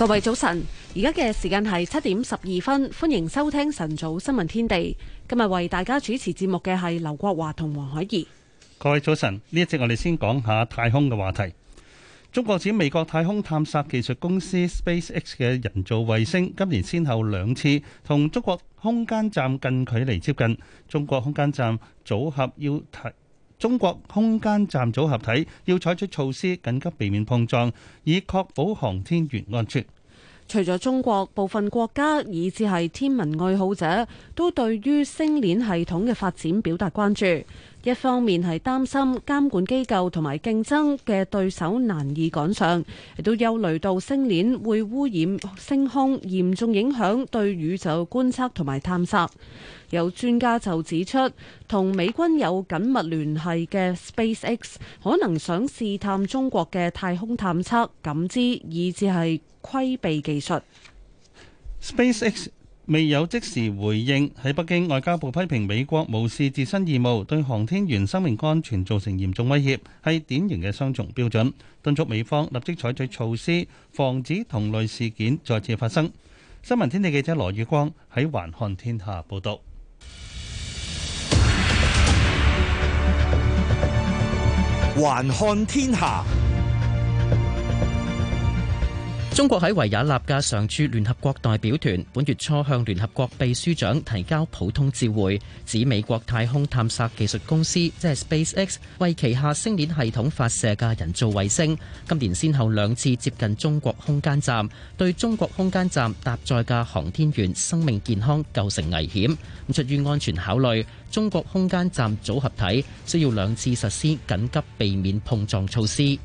各位早晨，而家嘅時間係七點十二分，歡迎收聽晨早新聞天地。今日為大家主持節目嘅係劉國華同黃海怡。各位早晨，呢一節我哋先講下太空嘅話題。中國指美國太空探索技術公司 SpaceX 嘅人造衛星今年先後兩次同中國空間站近距離接近，中國空間站組合要提。中國空間站組合體要採取措施緊急避免碰撞，以確保航天員安全。除咗中國，部分國家以至係天文愛好者都對於星鏈系統嘅發展表達關注。一方面係擔心監管機構同埋競爭嘅對手難以趕上，亦都憂慮到星鏈會污染星空，嚴重影響對宇宙觀測同埋探索。有專家就指出，同美軍有緊密聯繫嘅 SpaceX 可能想試探中國嘅太空探測感知，以至係規避技術。SpaceX 未有即時回應。喺北京外交部批評美國無視自身義務，對航天員生命安全造成嚴重威脅，係典型嘅雙重標準，敦促美方立即採取措施，防止同類事件再次發生。新聞天地記者羅宇光喺環看天下報導。還看天下。中國喺維也納嘅常駐聯合國代表團本月初向聯合國秘書長提交普通照會，指美國太空探索技術公司即係 SpaceX 為旗下星鏈系統發射嘅人造衛星，今年先後兩次接近中國空間站，對中國空間站搭載嘅航天員生命健康構成危險。咁出於安全考慮，中國空間站組合體需要兩次實施緊急避免碰撞措施。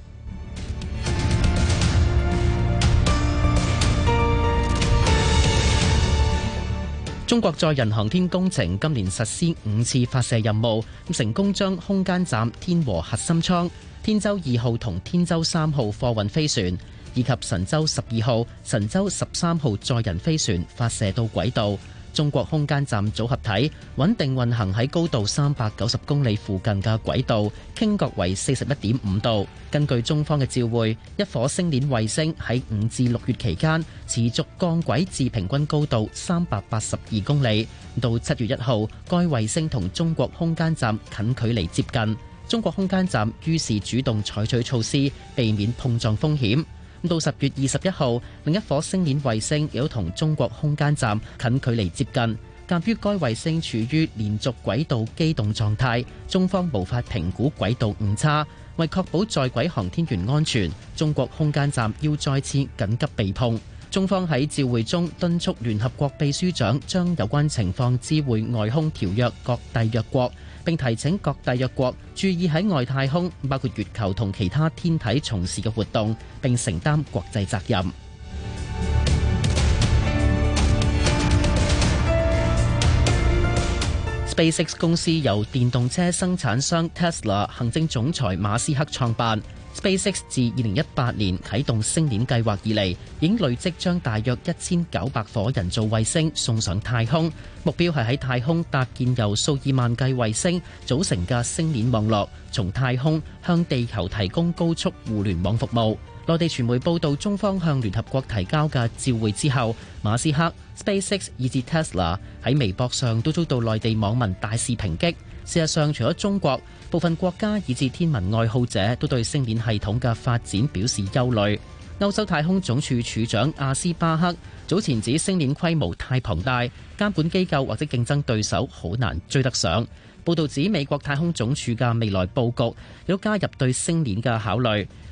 中國載人航天工程，今年實施五次發射任務，成功將空間站、天和核心艙、天舟二號同天舟三號貨運飛船，以及神舟十二號、神舟十三號載人飛船發射到軌道。中國空間站組合體穩定運行喺高度三百九十公里附近嘅軌道，傾角為四十一點五度。根據中方嘅照會，一顆星鏈衛星喺五至六月期間持續降軌至平均高度三百八十二公里，到七月一號，該衛星同中國空間站近距離接近。中國空間站於是主動採取措施，避免碰撞風險。到十月二十一號，另一顆星鏈衛星有同中國空間站近距離接近。鑒於該衛星處於連續軌道機動狀態，中方無法評估軌道誤差，為確保在軌航天員安全，中國空間站要再次緊急避碰。中方喺召會中敦促聯合國秘書長將有關情況知會外空條約各締約國。並提請各大約國注意喺外太空，包括月球同其他天體從事嘅活動，並承擔國際責任。SpaceX 公司由電動車生產商 Tesla 行政總裁馬斯克創辦。SpaceX 自二零一八年啟動星鏈計劃以嚟，已經累積將大約一千九百顆人造衛星送上太空。目標係喺太空搭建由數以萬計衛星組成嘅星鏈網絡，從太空向地球提供高速互聯網服務。內地傳媒報道，中方向聯合國提交嘅照會之後，馬斯克 SpaceX 以至 Tesla 喺微博上都遭到內地網民大肆抨擊。事實上，除咗中國。部分國家以至天文愛好者都對星鏈系統嘅發展表示憂慮。歐洲太空總署署長阿斯巴克早前指星鏈規模太龐大，監管機構或者競爭對手好難追得上。報道指美國太空總署嘅未來佈局有加入對星鏈嘅考慮。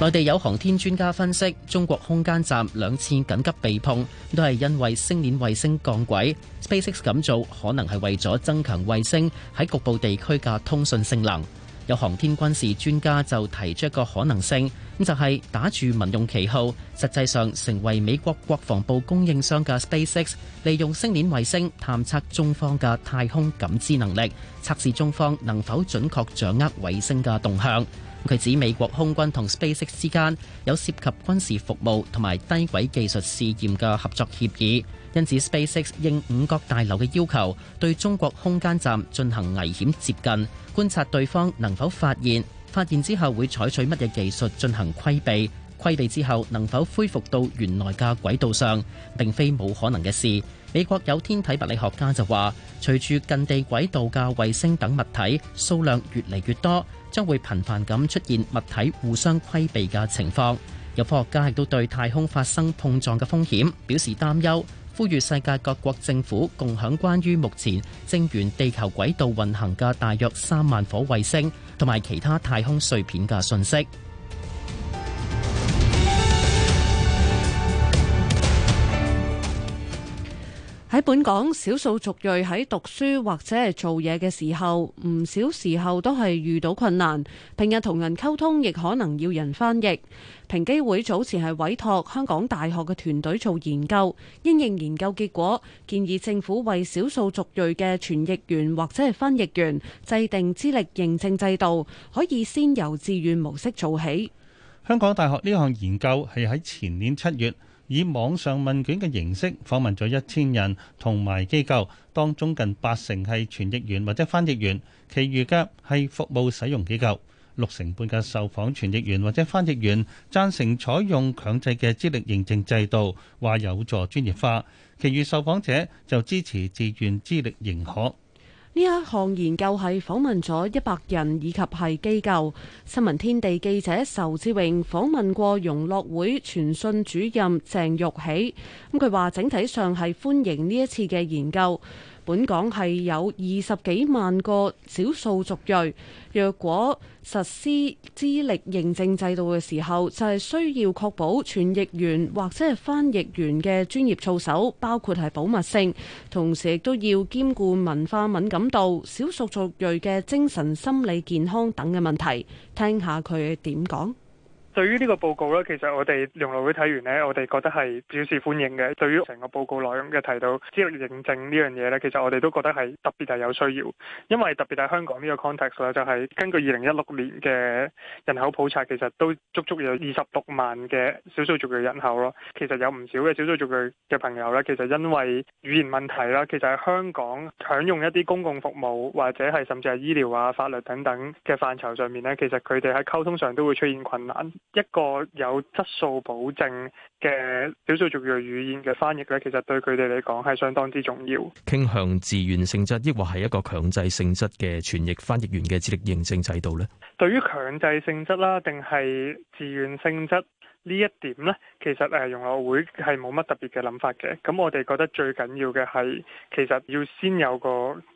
內地有航天專家分析，中國空間站兩次緊急被碰，都係因為星鏈衛星降軌。SpaceX 咁做可能係為咗增強衛星喺局部地區嘅通訊性能。有航天軍事專家就提出一個可能性，咁就係打住民用旗號，實際上成為美國國防部供應商嘅 SpaceX 利用星鏈衛星探測中方嘅太空感知能力，測試中方能否準確掌握衛星嘅動向。佢指美國空軍同 SpaceX 之間有涉及軍事服務同埋低軌技術試驗嘅合作協議，因此 SpaceX 應五角大樓嘅要求，對中國空間站進行危險接近，觀察對方能否發現？發現之後會採取乜嘢技術進行規避？規避之後能否恢復到原來嘅軌道上？並非冇可能嘅事。美國有天體物理學家就話，隨住近地軌道嘅衛星等物體數量越嚟越多。將會頻繁咁出現物體互相規避嘅情況，有科學家亦都對太空發生碰撞嘅風險表示擔憂，呼籲世界各國政府共享關於目前正沿地球軌道運行嘅大約三萬顆衛星同埋其他太空碎片嘅信息。喺本港，少數族裔喺讀書或者係做嘢嘅時候，唔少時候都係遇到困難。平日同人溝通，亦可能要人翻譯。平機會早前係委託香港大學嘅團隊做研究，因應研究結果，建議政府為少數族裔嘅傳譯員或者係翻譯員制定資歷認證制度，可以先由志願模式做起。香港大學呢項研究係喺前年七月。以網上問卷嘅形式訪問咗一千人同埋機構，當中近八成係傳譯員或者翻譯員，其餘嘅係服務使用機構。六成半嘅受訪傳譯員或者翻譯員贊成採用強制嘅資歷認證制度，話有助專業化。其餘受訪者就支持自願資歷認可。呢一項研究係訪問咗一百人以及係機構。新聞天地記者仇志榮訪問過融樂會傳訊主任鄭玉喜，咁佢話整體上係歡迎呢一次嘅研究。本港係有二十幾萬個少數族裔，若果實施資歷認證制度嘅時候，就係需要確保傳譯員或者係翻譯員嘅專業操守，包括係保密性，同時亦都要兼顧文化敏感度、少數族裔嘅精神心理健康等嘅問題。聽下佢點講。對於呢個報告咧，其實我哋融匯會睇完咧，我哋覺得係表示歡迎嘅。對於成個報告內容嘅提到資歷認證呢樣嘢咧，其實我哋都覺得係特別係有需要，因為特別喺香港呢個 context，就係根據二零一六年嘅人口普查，其實都足足有二十六萬嘅少數族裔人口咯。其實有唔少嘅少數族裔嘅朋友咧，其實因為語言問題啦，其實喺香港享用一啲公共服務或者係甚至係醫療啊、法律等等嘅範疇上面咧，其實佢哋喺溝通上都會出現困難。一個有質素保證嘅少數族裔語言嘅翻譯咧，其實對佢哋嚟講係相當之重要。傾向自願性質，抑或係一個強制性質嘅全譯翻譯員嘅智力認證制度咧？對於強制性質啦，定係自願性質？呢一點呢，其實誒、呃、融樂會係冇乜特別嘅諗法嘅。咁我哋覺得最緊要嘅係，其實要先有個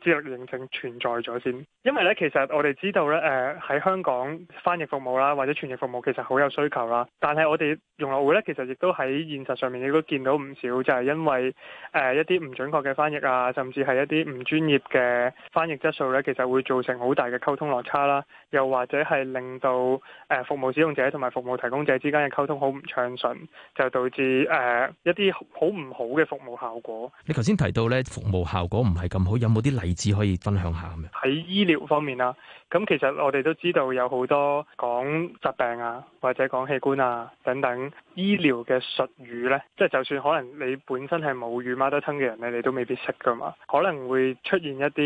資格認證存在咗先。因為呢，其實我哋知道呢，誒、呃、喺香港翻譯服務啦，或者傳譯服務其實好有需求啦。但係我哋融樂會呢，其實亦都喺現實上面亦都見到唔少，就係、是、因為誒、呃、一啲唔準確嘅翻譯啊，甚至係一啲唔專業嘅翻譯質素呢，其實會造成好大嘅溝通落差啦。又或者係令到誒、呃、服務使用者同埋服務提供者之間嘅溝通好唔暢順，就導致誒、呃、一啲好唔好嘅服務效果。你頭先提到咧，服務效果唔係咁好，有冇啲例子可以分享下咁樣？喺醫療方面啦，咁其實我哋都知道有好多講疾病啊，或者講器官啊等等醫療嘅術語咧，即係就算可能你本身係冇語碼得親嘅人咧，你都未必識㗎嘛，可能會出現一啲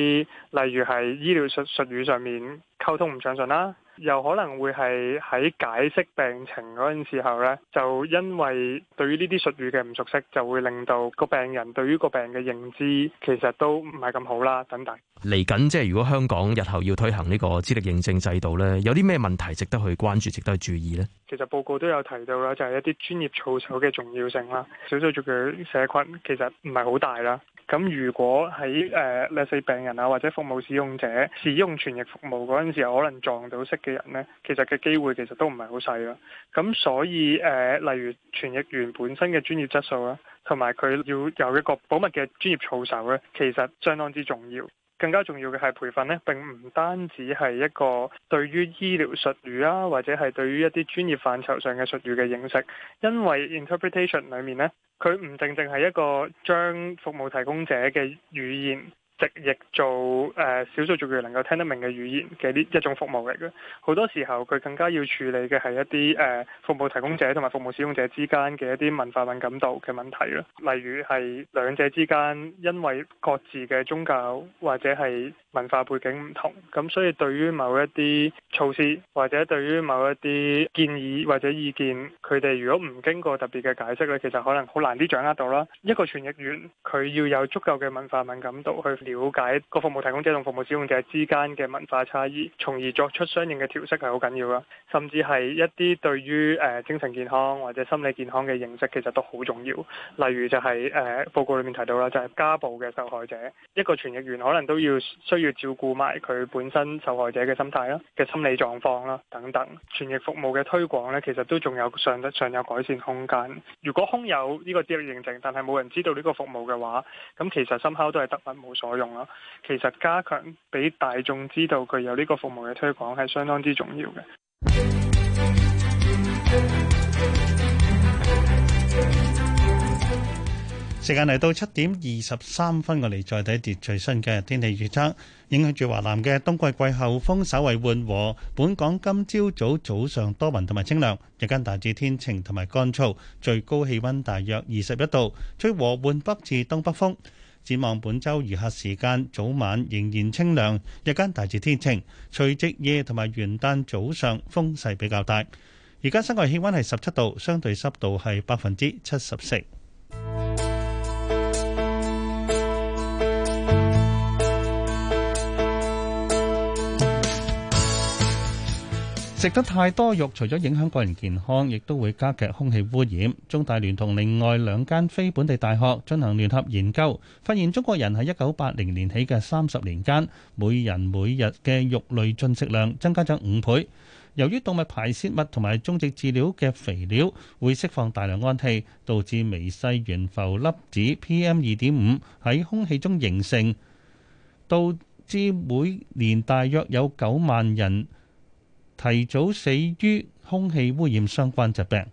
例如係醫療術術語上面。溝通唔暢順啦，又可能會係喺解釋病情嗰陣時候咧，就因為對於呢啲術語嘅唔熟悉，就會令到個病人對於個病嘅認知其實都唔係咁好啦。等等。嚟緊即係如果香港日後要推行呢個資歷認證制度咧，有啲咩問題值得去關注、值得去注意呢？其實報告都有提到啦，就係、是、一啲專業操守嘅重要性啦。少數族嘅社群其實唔係好大啦。咁如果喺誒你係病人啊，或者服務使用者使用傳譯服務嗰有時候可能撞到識嘅人呢，其實嘅機會其實都唔係好細啦。咁所以誒、呃，例如傳譯員本身嘅專業質素啦、啊，同埋佢要有一個保密嘅專業操守呢，其實相當之重要。更加重要嘅係培訓呢並唔單止係一個對於醫療術語啊，或者係對於一啲專業範疇上嘅術語嘅認識。因為 interpretation 裡面呢，佢唔淨淨係一個將服務提供者嘅語言。直譯做誒少、呃、數族裔能夠聽得明嘅語言嘅呢、就是、一種服務嚟嘅，好多時候佢更加要處理嘅係一啲誒、呃、服務提供者同埋服務使用者之間嘅一啲文化敏感度嘅問題啦。例如係兩者之間因為各自嘅宗教或者係文化背景唔同，咁所以對於某一啲措施或者對於某一啲建議或者意見，佢哋如果唔經過特別嘅解釋咧，其實可能好難啲掌握到啦。一個傳譯員佢要有足夠嘅文化敏感度去。了解個服務提供者同服務使用者之間嘅文化差異，從而作出相應嘅調適係好緊要㗎。甚至係一啲對於誒、呃、精神健康或者心理健康嘅認識，其實都好重要。例如就係、是、誒、呃、報告裏面提到啦，就係、是、家暴嘅受害者，一個傳譯員可能都要需要照顧埋佢本身受害者嘅心態啦、嘅心理狀況啦等等。傳譯服務嘅推廣呢，其實都仲有上得上有改善空間。如果空有呢個專業認證，但係冇人知道呢個服務嘅話，咁其實深口都係得物冇所謂。用啦，其實加強俾大眾知道佢有呢個服務嘅推廣係相當之重要嘅。時間嚟到七點二十三分，我哋再睇一疊最新嘅天氣預測。影響住華南嘅冬季季候風稍為緩和。本港今朝早早上多雲同埋清涼，日間大致天晴同埋乾燥，最高氣溫大約二十一度，吹和緩北至東北風。展望本周餘下時間，早晚仍然清涼，日間大致天晴，除夕夜同埋元旦早上風勢比較大。而家室外氣溫係十七度，相對濕度係百分之七十四。食得太多肉，除咗影響個人健康，亦都會加劇空氣污染。中大聯同另外兩間非本地大學進行聯合研究，發現中國人喺一九八零年起嘅三十年間，每人每日嘅肉類進食量增加咗五倍。由於動物排泄物同埋種植飼料嘅肥料會釋放大量氨氣，導致微細懸浮粒子 PM 二點五喺空氣中形成，導致每年大約有九萬人提早死於空氣污染相關疾病。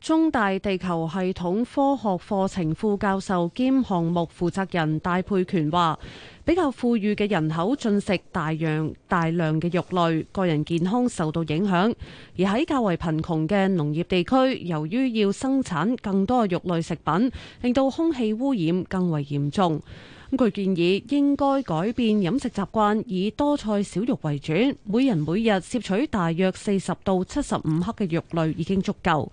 中大地球系統科學課程副教授兼項目負責人戴佩權話，比較富裕嘅人口進食大量大量嘅肉類，個人健康受到影響；而喺較為貧窮嘅農業地區，由於要生產更多肉類食品，令到空氣污染更為嚴重。據建議，應該改變飲食習慣，以多菜少肉為主。每人每日攝取大約四十到七十五克嘅肉類已經足夠。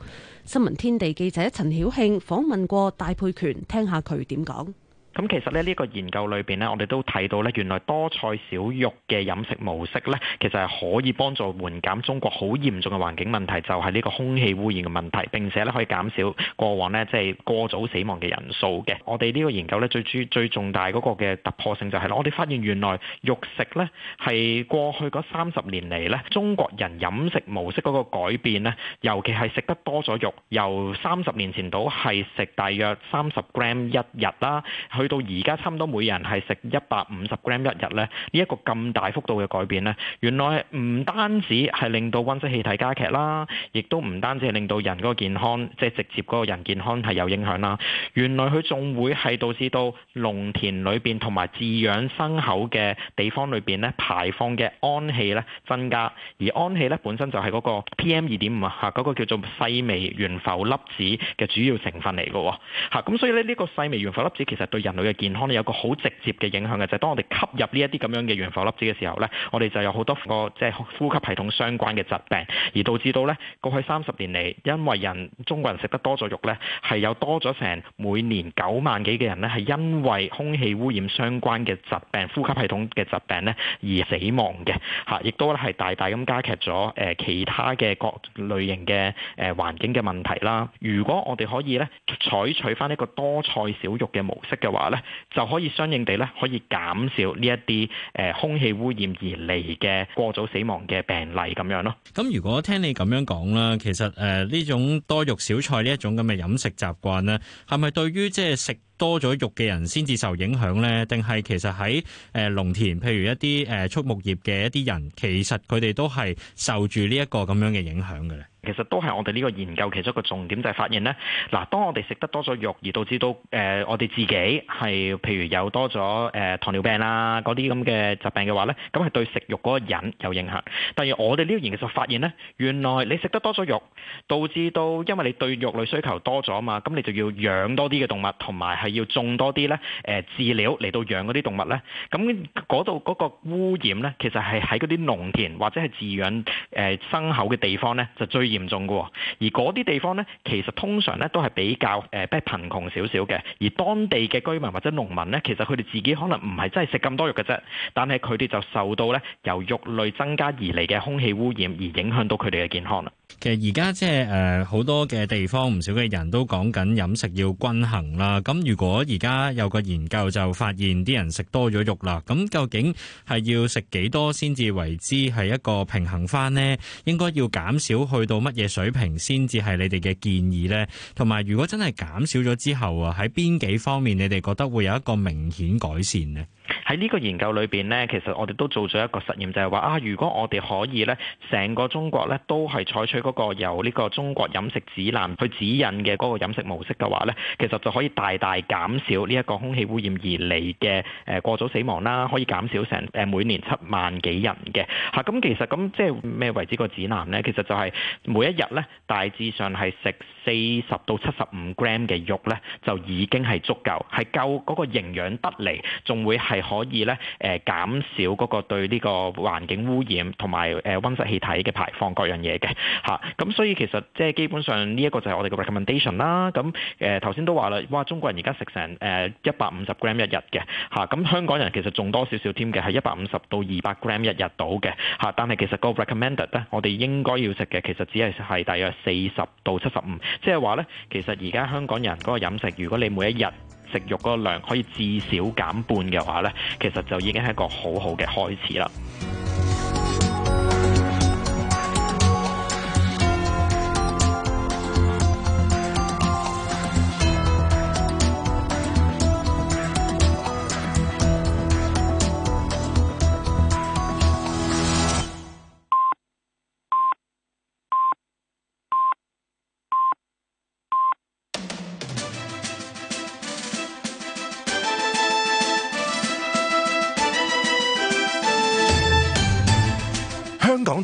新聞天地記者陳曉慶訪問過戴佩權，聽下佢點講。咁其實咧，呢個研究裏邊呢，我哋都睇到呢，原來多菜少肉嘅飲食模式呢，其實係可以幫助緩減中國好嚴重嘅環境問題，就係呢個空氣污染嘅問題。並且呢，可以減少過往呢，即係過早死亡嘅人數嘅。我哋呢個研究呢，最主要最重大嗰個嘅突破性就係，我哋發現原來肉食呢係過去嗰三十年嚟呢，中國人飲食模式嗰個改變呢，尤其係食得多咗肉，由三十年前到係食大約三十 gram 一日啦，去。到而家差唔多每人係食一百五十 gram 一日咧，呢、這、一個咁大幅度嘅改變咧，原來唔單止係令到溫室氣體加劇啦，亦都唔單止係令到人個健康，即、就、係、是、直接嗰個人健康係有影響啦。原來佢仲會係導致到農田裏邊同埋飼養牲口嘅地方裏邊咧排放嘅氨氣咧增加，而氨氣咧本身就係嗰個 PM 二點五啊，嗰個叫做細微懸浮粒子嘅主要成分嚟嘅喎，咁所以咧呢、這個細微懸浮粒子其實對人女嘅健康咧有個好直接嘅影響嘅，就係當我哋吸入呢一啲咁樣嘅懸浮粒子嘅時候咧，我哋就有好多個即係呼吸系統相關嘅疾病，而導致到咧過去三十年嚟，因為人中國人食得多咗肉咧，係有多咗成每年九萬幾嘅人咧，係因為空氣污染相關嘅疾病、呼吸系統嘅疾病咧而死亡嘅吓，亦都咧係大大咁加劇咗誒其他嘅各類型嘅誒環境嘅問題啦。如果我哋可以咧採取翻一個多菜少肉嘅模式嘅話咧就可以相應地咧可以減少呢一啲誒空氣污染而嚟嘅過早死亡嘅病例咁樣咯。咁如果聽你咁樣講啦，其實誒呢種多肉少菜呢一種咁嘅飲食習慣呢係咪對於即係食多咗肉嘅人先至受影響呢？定係其實喺誒農田，譬如一啲誒畜牧業嘅一啲人，其實佢哋都係受住呢一個咁樣嘅影響嘅咧？其實都係我哋呢個研究其中一個重點，就係發現咧，嗱，當我哋食得多咗肉，而導致到誒我哋自己係譬如有多咗誒糖尿病啦嗰啲咁嘅疾病嘅話咧，咁係對食肉嗰個人有影響。但係我哋呢個研究就發現咧，原來你食得多咗肉，導致到因為你對肉類需求多咗嘛，咁你就要養多啲嘅動物，同埋係要種多啲咧誒飼料嚟到養嗰啲動物咧。咁嗰度嗰個污染咧，其實係喺嗰啲農田或者係飼養誒牲口嘅地方咧就最嚴嚴重嘅，而嗰啲地方咧，其實通常咧都係比較誒，比較貧窮少少嘅。而當地嘅居民或者農民咧，其實佢哋自己可能唔係真係食咁多肉嘅啫，但係佢哋就受到咧由肉類增加而嚟嘅空氣污染而影響到佢哋嘅健康啦。其實而家即係誒好多嘅地方，唔少嘅人都講緊飲食要均衡啦。咁如果而家有個研究就發現啲人食多咗肉啦，咁究竟係要食幾多先至為之係一個平衡翻咧？應該要減少去到。乜嘢水平先至係你哋嘅建議咧？同埋，如果真係減少咗之後啊，喺邊幾方面你哋覺得會有一個明顯改善咧？喺呢個研究裏邊呢，其實我哋都做咗一個實驗，就係話啊，如果我哋可以呢，成個中國呢都係採取嗰個由呢個中國飲食指南去指引嘅嗰個飲食模式嘅話呢，其實就可以大大減少呢一個空氣污染而嚟嘅誒過早死亡啦，可以減少成誒每年七萬幾人嘅嚇。咁、啊、其實咁即係咩為之個指南呢？其實就係每一日呢，大致上係食四十到七十五 gram 嘅肉咧，就已經係足夠，係夠嗰個營養得嚟，仲會係可以咧，誒、呃、減少嗰個對呢個環境污染同埋誒溫室氣體嘅排放各樣嘢嘅，嚇、啊、咁所以其實即係基本上呢一個就係我哋嘅 recommendation 啦。咁誒頭先都話啦，哇中國人而家食成誒一百五十 gram 一日嘅，嚇、呃、咁、啊、香港人其實仲多少少添嘅，係一百五十到二百 gram 一日到嘅，嚇、啊、但係其實個 recommended 咧，我哋應該要食嘅其實只係係大約四十到七十五。即係話呢，其實而家香港人嗰個飲食，如果你每一日食肉嗰個量可以至少減半嘅話呢，其實就已經係一個好好嘅開始啦。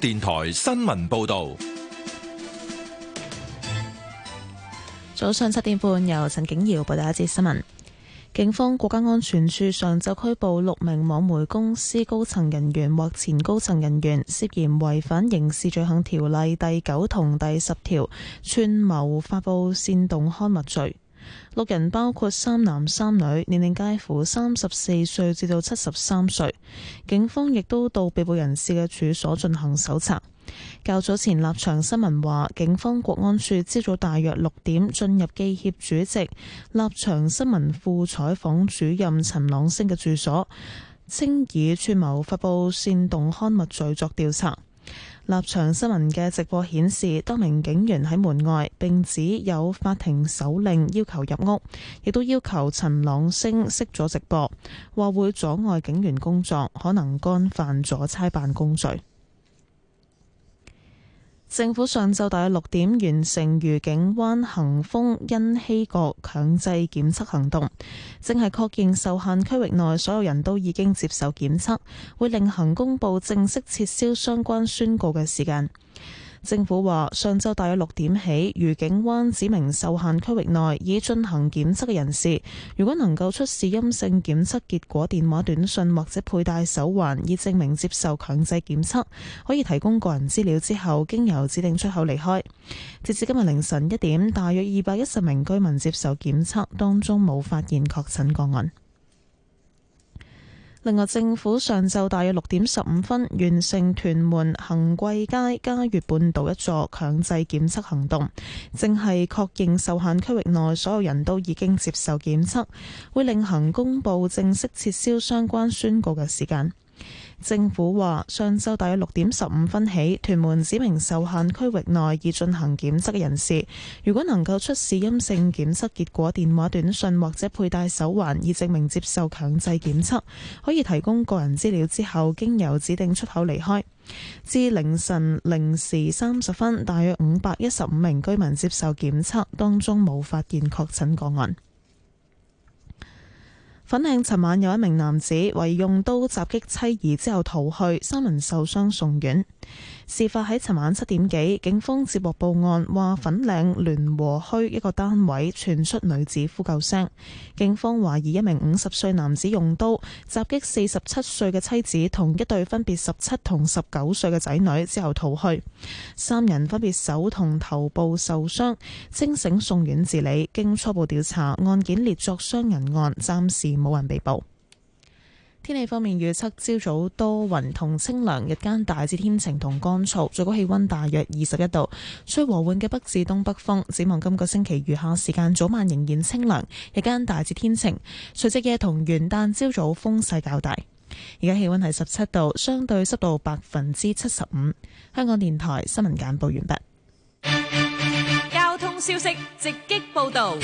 電台新聞報道：早上七點半，由陳景瑤報道一節新聞。警方國家安全處上晝拘捕六名網媒公司高層人員或前高層人員，涉嫌違反刑事罪行條例第九同第十條，串謀發布煽動刊物罪。六人包括三男三女，年齡介乎三十四歲至到七十三歲。警方亦都到被捕人士嘅處所進行搜查。較早前，立場新聞話，警方國安處朝早大約六點進入記協主席、立場新聞副採訪主任陳朗星嘅住所，稱以串謀發佈煽動刊物罪作調查。立場新聞嘅直播顯示，多名警員喺門外，並指有法庭手令要求入屋，亦都要求陳朗升熄咗直播，話會阻礙警員工作，可能干犯阻差辦公罪。政府上晝大約六點完成愉景灣蘅峰欣禧閣強制檢測行動，正係確認受限區域內所有人都已經接受檢測，會另行公佈正式撤銷相關宣告嘅時間。政府話：上晝大約六點起，愉景灣指明受限區域內已進行檢測嘅人士，如果能夠出示陰性檢測結果、電話短訊或者佩戴手環以證明接受強制檢測，可以提供個人資料之後經由指定出口離開。截至今日凌晨一點，大約二百一十名居民接受檢測，當中冇發現確診個案。另外，政府上晝大約六點十五分完成屯門恒貴街嘉悅半島一座強制檢測行動，正係確認受限區域內所有人都已經接受檢測，會另行公布正式撤銷相關宣告嘅時間。政府話，上周大約六點十五分起，屯門指明受限區域內已進行檢測嘅人士，如果能夠出示陰性檢測結果、電話短信或者佩戴手環以證明接受強制檢測，可以提供個人資料之後經由指定出口離開。至凌晨零時三十分，大約五百一十五名居民接受檢測，當中冇發現確診個案。粉嶺尋晚有一名男子，為用刀襲擊妻兒之後逃去，三人受傷送院。事發喺尋晚七點幾，警方接獲報案，話粉嶺聯和墟一個單位傳出女子呼救聲。警方懷疑一名五十歲男子用刀襲擊四十七歲嘅妻子同一對分別十七同十九歲嘅仔女之後逃去，三人分別手同頭部受傷，清醒送院治理。經初步調查，案件列作傷人案，暫時冇人被捕。天氣方面預測，朝早多雲同清涼，日間大致天晴同乾燥，最高氣溫大約二十一度，吹和緩嘅北至東北風。展望今個星期餘下時間，早晚仍然清涼，日間大致天晴，除夕夜同元旦朝早風勢較大。而家氣溫係十七度，相對濕度百分之七十五。香港電台新聞簡報完畢。交通消息直擊報道。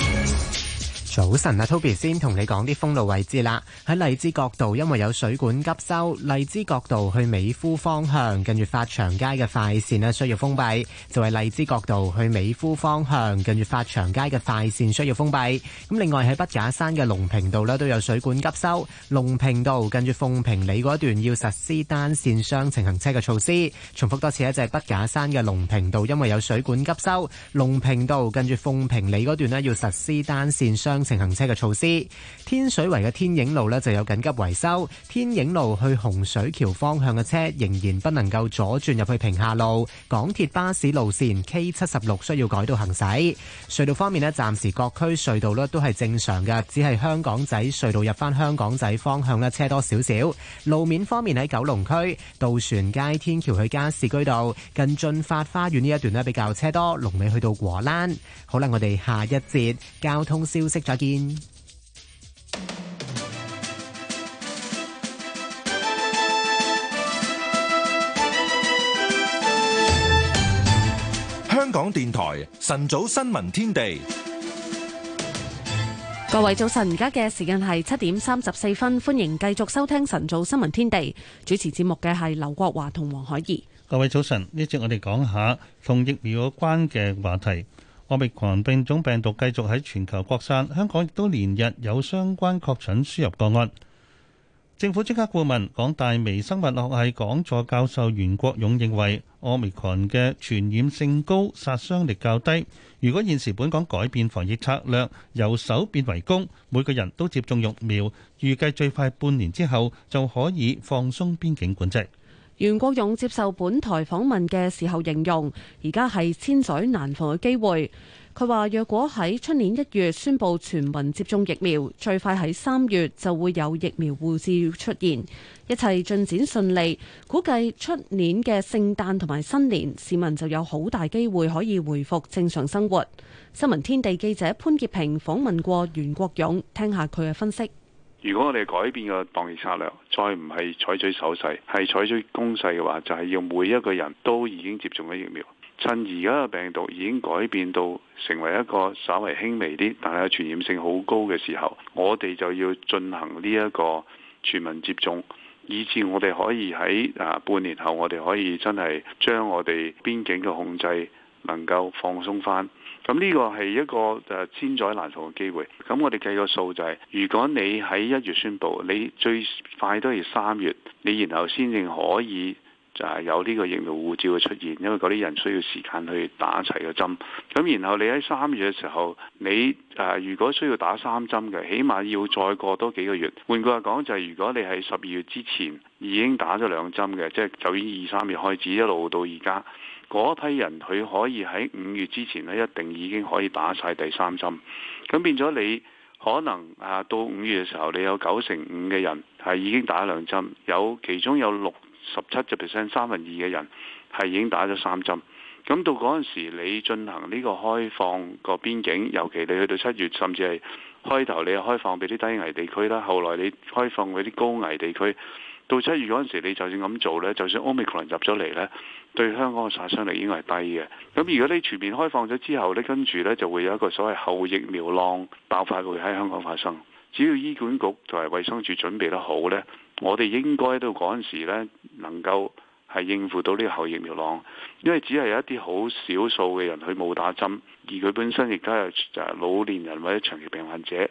早晨啊，Toby 先同你講啲封路位置啦。喺荔枝角道，因為有水管急修，荔枝角道去美孚方向，近住發祥街嘅快線咧需要封閉，就係荔枝角道去美孚方向，近住發祥街嘅快線需要封閉。咁、就是、另外喺筆架山嘅龍坪道咧都有水管急修，龍坪道近住鳳坪里嗰段要實施單線雙程行車嘅措施。重複多次，就係筆架山嘅龍坪道因為有水管急修，龍坪道近住鳳坪里嗰段咧要實施單線雙。停行車嘅措施，天水圍嘅天影路呢就有緊急維修，天影路去洪水橋方向嘅車仍然不能夠左轉入去平下路，港鐵巴士路線 K 七十六需要改道行駛。隧道方面呢，暫時各區隧道呢都係正常嘅，只係香港仔隧道入翻香港仔方向呢車多少少。路面方面喺九龍區渡船街天橋去加士居道近駿發花園呢一段呢比較車多，龍尾去到果欄。好啦，我哋下一節交通消息再。見香港電台晨早新聞天地，各位早晨，而家嘅時間係七點三十四分，歡迎繼續收聽晨早新聞天地。主持節目嘅係劉國華同黃海怡。各位早晨，呢節我哋講下同疫苗有關嘅話題。奧密克戎病種病毒繼續喺全球擴散，香港亦都連日有相關確診輸入個案。政府專家顧問、港大微生物學系講座教授袁國勇認為，奧密克戎嘅傳染性高、殺傷力較低。如果現時本港改變防疫策略，由守變為攻，每個人都接種疫苗，預計最快半年之後就可以放鬆邊境管制。袁國勇接受本台訪問嘅時候形容，而家係千載難逢嘅機會。佢話若果喺出年一月宣布全民接種疫苗，最快喺三月就會有疫苗護照出現，一切進展順利，估計出年嘅聖誕同埋新年，市民就有好大機會可以回復正常生活。新聞天地記者潘潔平訪問過袁國勇，聽下佢嘅分析。如果我哋改變個防疫策略，再唔係採取守勢，係採取攻勢嘅話，就係、是、要每一個人都已經接種咗疫苗。趁而家嘅病毒已經改變到成為一個稍微輕微啲，但係傳染性好高嘅時候，我哋就要進行呢一個全民接種，以致我哋可以喺啊半年後，我哋可以真係將我哋邊境嘅控制能夠放鬆翻。咁呢個係一個誒千載難逢嘅機會。咁我哋計個數就係、是，如果你喺一月宣布，你最快都係三月，你然後先至可以就係有呢個疫苗護照嘅出現，因為嗰啲人需要時間去打齊個針。咁然後你喺三月嘅時候，你誒如果需要打三針嘅，起碼要再過多幾個月。換句話講、就是，就係如果你喺十二月之前已經打咗兩針嘅，即係就已二三月開始一路到而家。嗰批人佢可以喺五月之前呢，一定已經可以打晒第三針。咁變咗你可能啊，到五月嘅時候，你有九成五嘅人係已經打兩針，有其中有六十七只 percent 三分二嘅人係已經打咗三針。咁到嗰陣時，你進行呢個開放個邊境，尤其你去到七月，甚至係開頭你開放俾啲低危地區啦，後來你開放俾啲高危地區。到七月嗰陣時，你就算咁做呢，就算 Omicron 入咗嚟呢，對香港嘅殺傷力應該係低嘅。咁如果你全面開放咗之後呢，跟住呢就會有一個所謂後疫苗浪爆發會喺香港發生。只要醫管局同埋衛生署準備得好呢，我哋應該都嗰陣時呢能夠係應付到呢個後疫苗浪，因為只係有一啲好少數嘅人去冇打針，而佢本身亦都係就係老年人或者長期病患者。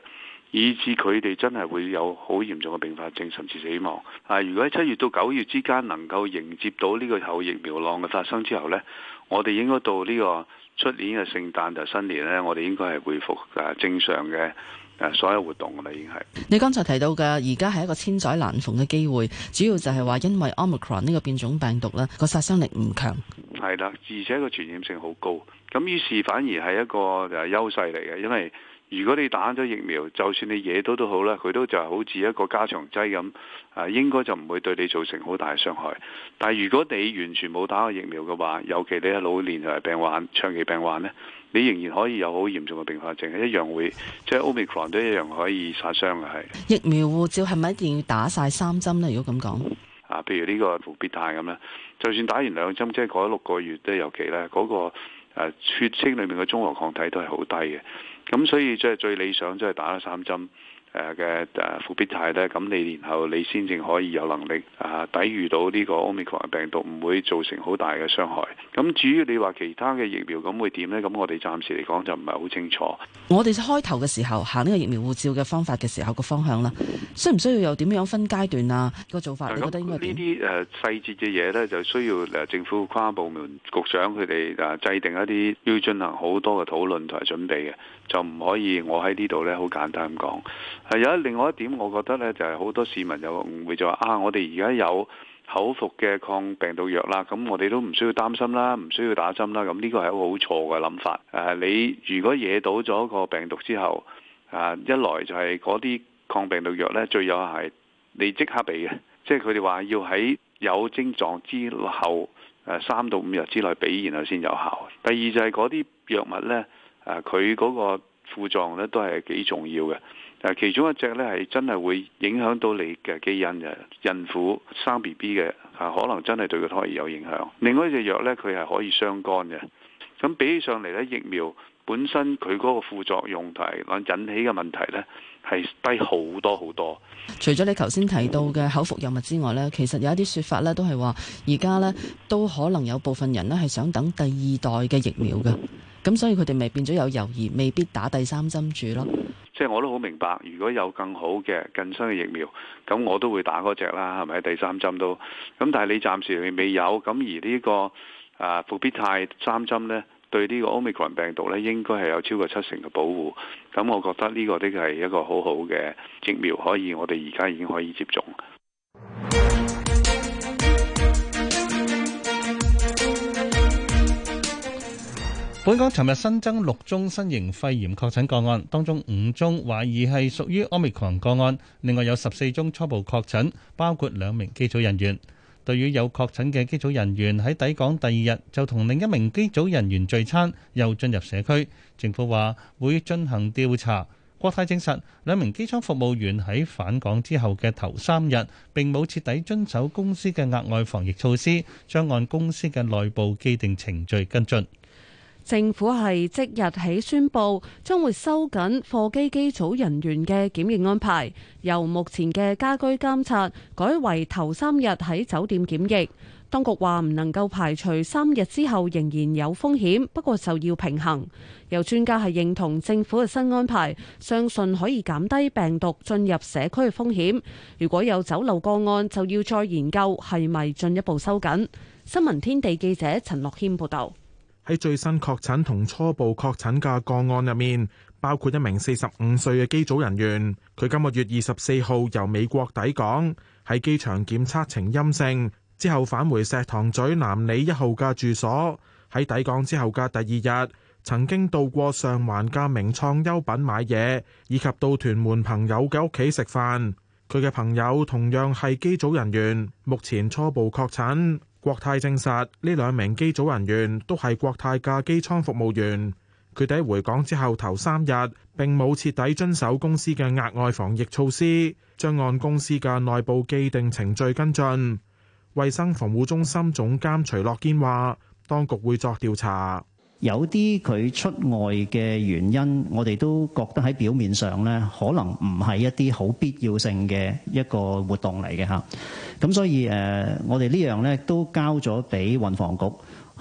以致佢哋真係會有好嚴重嘅併發症，甚至死亡。啊！如果喺七月到九月之間能夠迎接到呢個後疫苗浪嘅發生之後呢，我哋應該到呢個出年嘅聖誕就新年呢，我哋應該係恢復誒正常嘅誒所有活動啦，已經係。你剛才提到嘅，而家係一個千載難逢嘅機會，主要就係話因為 Omicron 呢個變種病毒咧，個殺傷力唔強。係啦，而且個傳染性好高，咁於是反而係一個誒優勢嚟嘅，因為。如果你打咗疫苗，就算你惹到都好啦，佢都就係好似一個加強劑咁，啊應該就唔會對你造成好大嘅傷害。但係如果你完全冇打過疫苗嘅話，尤其你係老年同埋病患、長期病患咧，你仍然可以有好嚴重嘅病發症，係一樣會即係 Omicron 都一樣可以殺傷嘅係。疫苗護照係咪一定要打晒三針呢？如果咁講，啊，譬如呢個復必泰咁咧，就算打完兩針，即係過咗六個月咧，尤其呢嗰個血清裡面嘅中和抗體都係好低嘅。咁所以即係最理想，即係打咗三針誒嘅誒復必泰咧。咁你然後你先至可以有能力啊，抵禦到呢個 Omicron 病毒，唔會造成好大嘅傷害。咁至於你話其他嘅疫苗咁會點咧？咁我哋暫時嚟講就唔係好清楚。我哋開頭嘅時候行呢個疫苗護照嘅方法嘅時候個方向啦，需唔需要又點樣分階段啊？這個做法那你覺得應該點？呢啲誒細節嘅嘢咧，就需要誒政府跨部門局長佢哋誒制定一啲要進行好多嘅討論同埋準備嘅。就唔可以，我喺呢度呢，好簡單咁講。係有另外一點，我覺得呢，就係、是、好多市民又誤會就話啊，我哋而家有口服嘅抗病毒藥啦，咁我哋都唔需要擔心啦，唔需要打針啦。咁呢個係一個好錯嘅諗法。誒、啊，你如果惹到咗個病毒之後，啊，一來就係嗰啲抗病毒藥呢，最有係你即刻俾嘅，即係佢哋話要喺有症狀之後誒三到五日之內俾，然後先有效。第二就係嗰啲藥物呢。啊！佢嗰個副作用咧都係幾重要嘅。啊，其中一隻咧係真係會影響到你嘅基因嘅，孕婦生 B B 嘅，啊，可能真係對佢胎兒有影響。另外一隻藥咧，佢係可以傷肝嘅。咁、啊、比起上嚟咧，疫苗本身佢嗰個副作用同埋引起嘅問題咧，係低好多好多。除咗你頭先提到嘅口服藥物之外咧，其實有一啲説法咧都係話，而家咧都可能有部分人咧係想等第二代嘅疫苗嘅。咁所以佢哋咪變咗有猶豫，未必打第三針住咯。即係我都好明白，如果有更好嘅更新嘅疫苗，咁我都會打嗰隻啦，係咪第三針都？咁但係你暫時未有，咁而呢、這個啊、呃、復必泰三針呢，對呢個 Omicron 病毒呢，應該係有超過七成嘅保護。咁我覺得呢個啲係一個好好嘅疫苗，可以我哋而家已經可以接種。本港尋日新增六宗新型肺炎確診個案，當中五宗懷疑係屬於奧密克戎個案，另外有十四宗初步確診，包括兩名機組人員。對於有確診嘅機組人員喺抵港第二日就同另一名機組人員聚餐，又進入社區，政府話會進行調查。國泰證實兩名機艙服務員喺返港之後嘅頭三日並冇徹底遵守公司嘅額外防疫措施，將按公司嘅內部既定程序跟進。政府係即日起宣布，將會收緊貨機機組人員嘅檢疫安排，由目前嘅家居監察改為頭三日喺酒店檢疫。當局話唔能夠排除三日之後仍然有風險，不過就要平衡。有專家係認同政府嘅新安排，相信可以減低病毒進入社區嘅風險。如果有走漏個案，就要再研究係咪進一步收緊。新聞天地記者陳樂軒報道。喺最新確診同初步確診嘅個案入面，包括一名四十五歲嘅機組人員。佢今個月二十四號由美國抵港，喺機場檢測呈陰性，之後返回石塘咀南里一號嘅住所。喺抵港之後嘅第二日，曾經到過上環嘅名創優品買嘢，以及到屯門朋友嘅屋企食飯。佢嘅朋友同樣係機組人員，目前初步確診。國泰證實，呢兩名機組人員都係國泰嘅機艙服務員。佢哋喺回港之後頭三日，並冇徹底遵守公司嘅額外防疫措施，將按公司嘅內部既定程序跟進。衛生防護中心總監徐樂堅話，當局會作調查。有啲佢出外嘅原因，我哋都覺得喺表面上咧，可能唔係一啲好必要性嘅一個活動嚟嘅吓，咁所以誒、呃、我哋呢樣咧都交咗俾運防局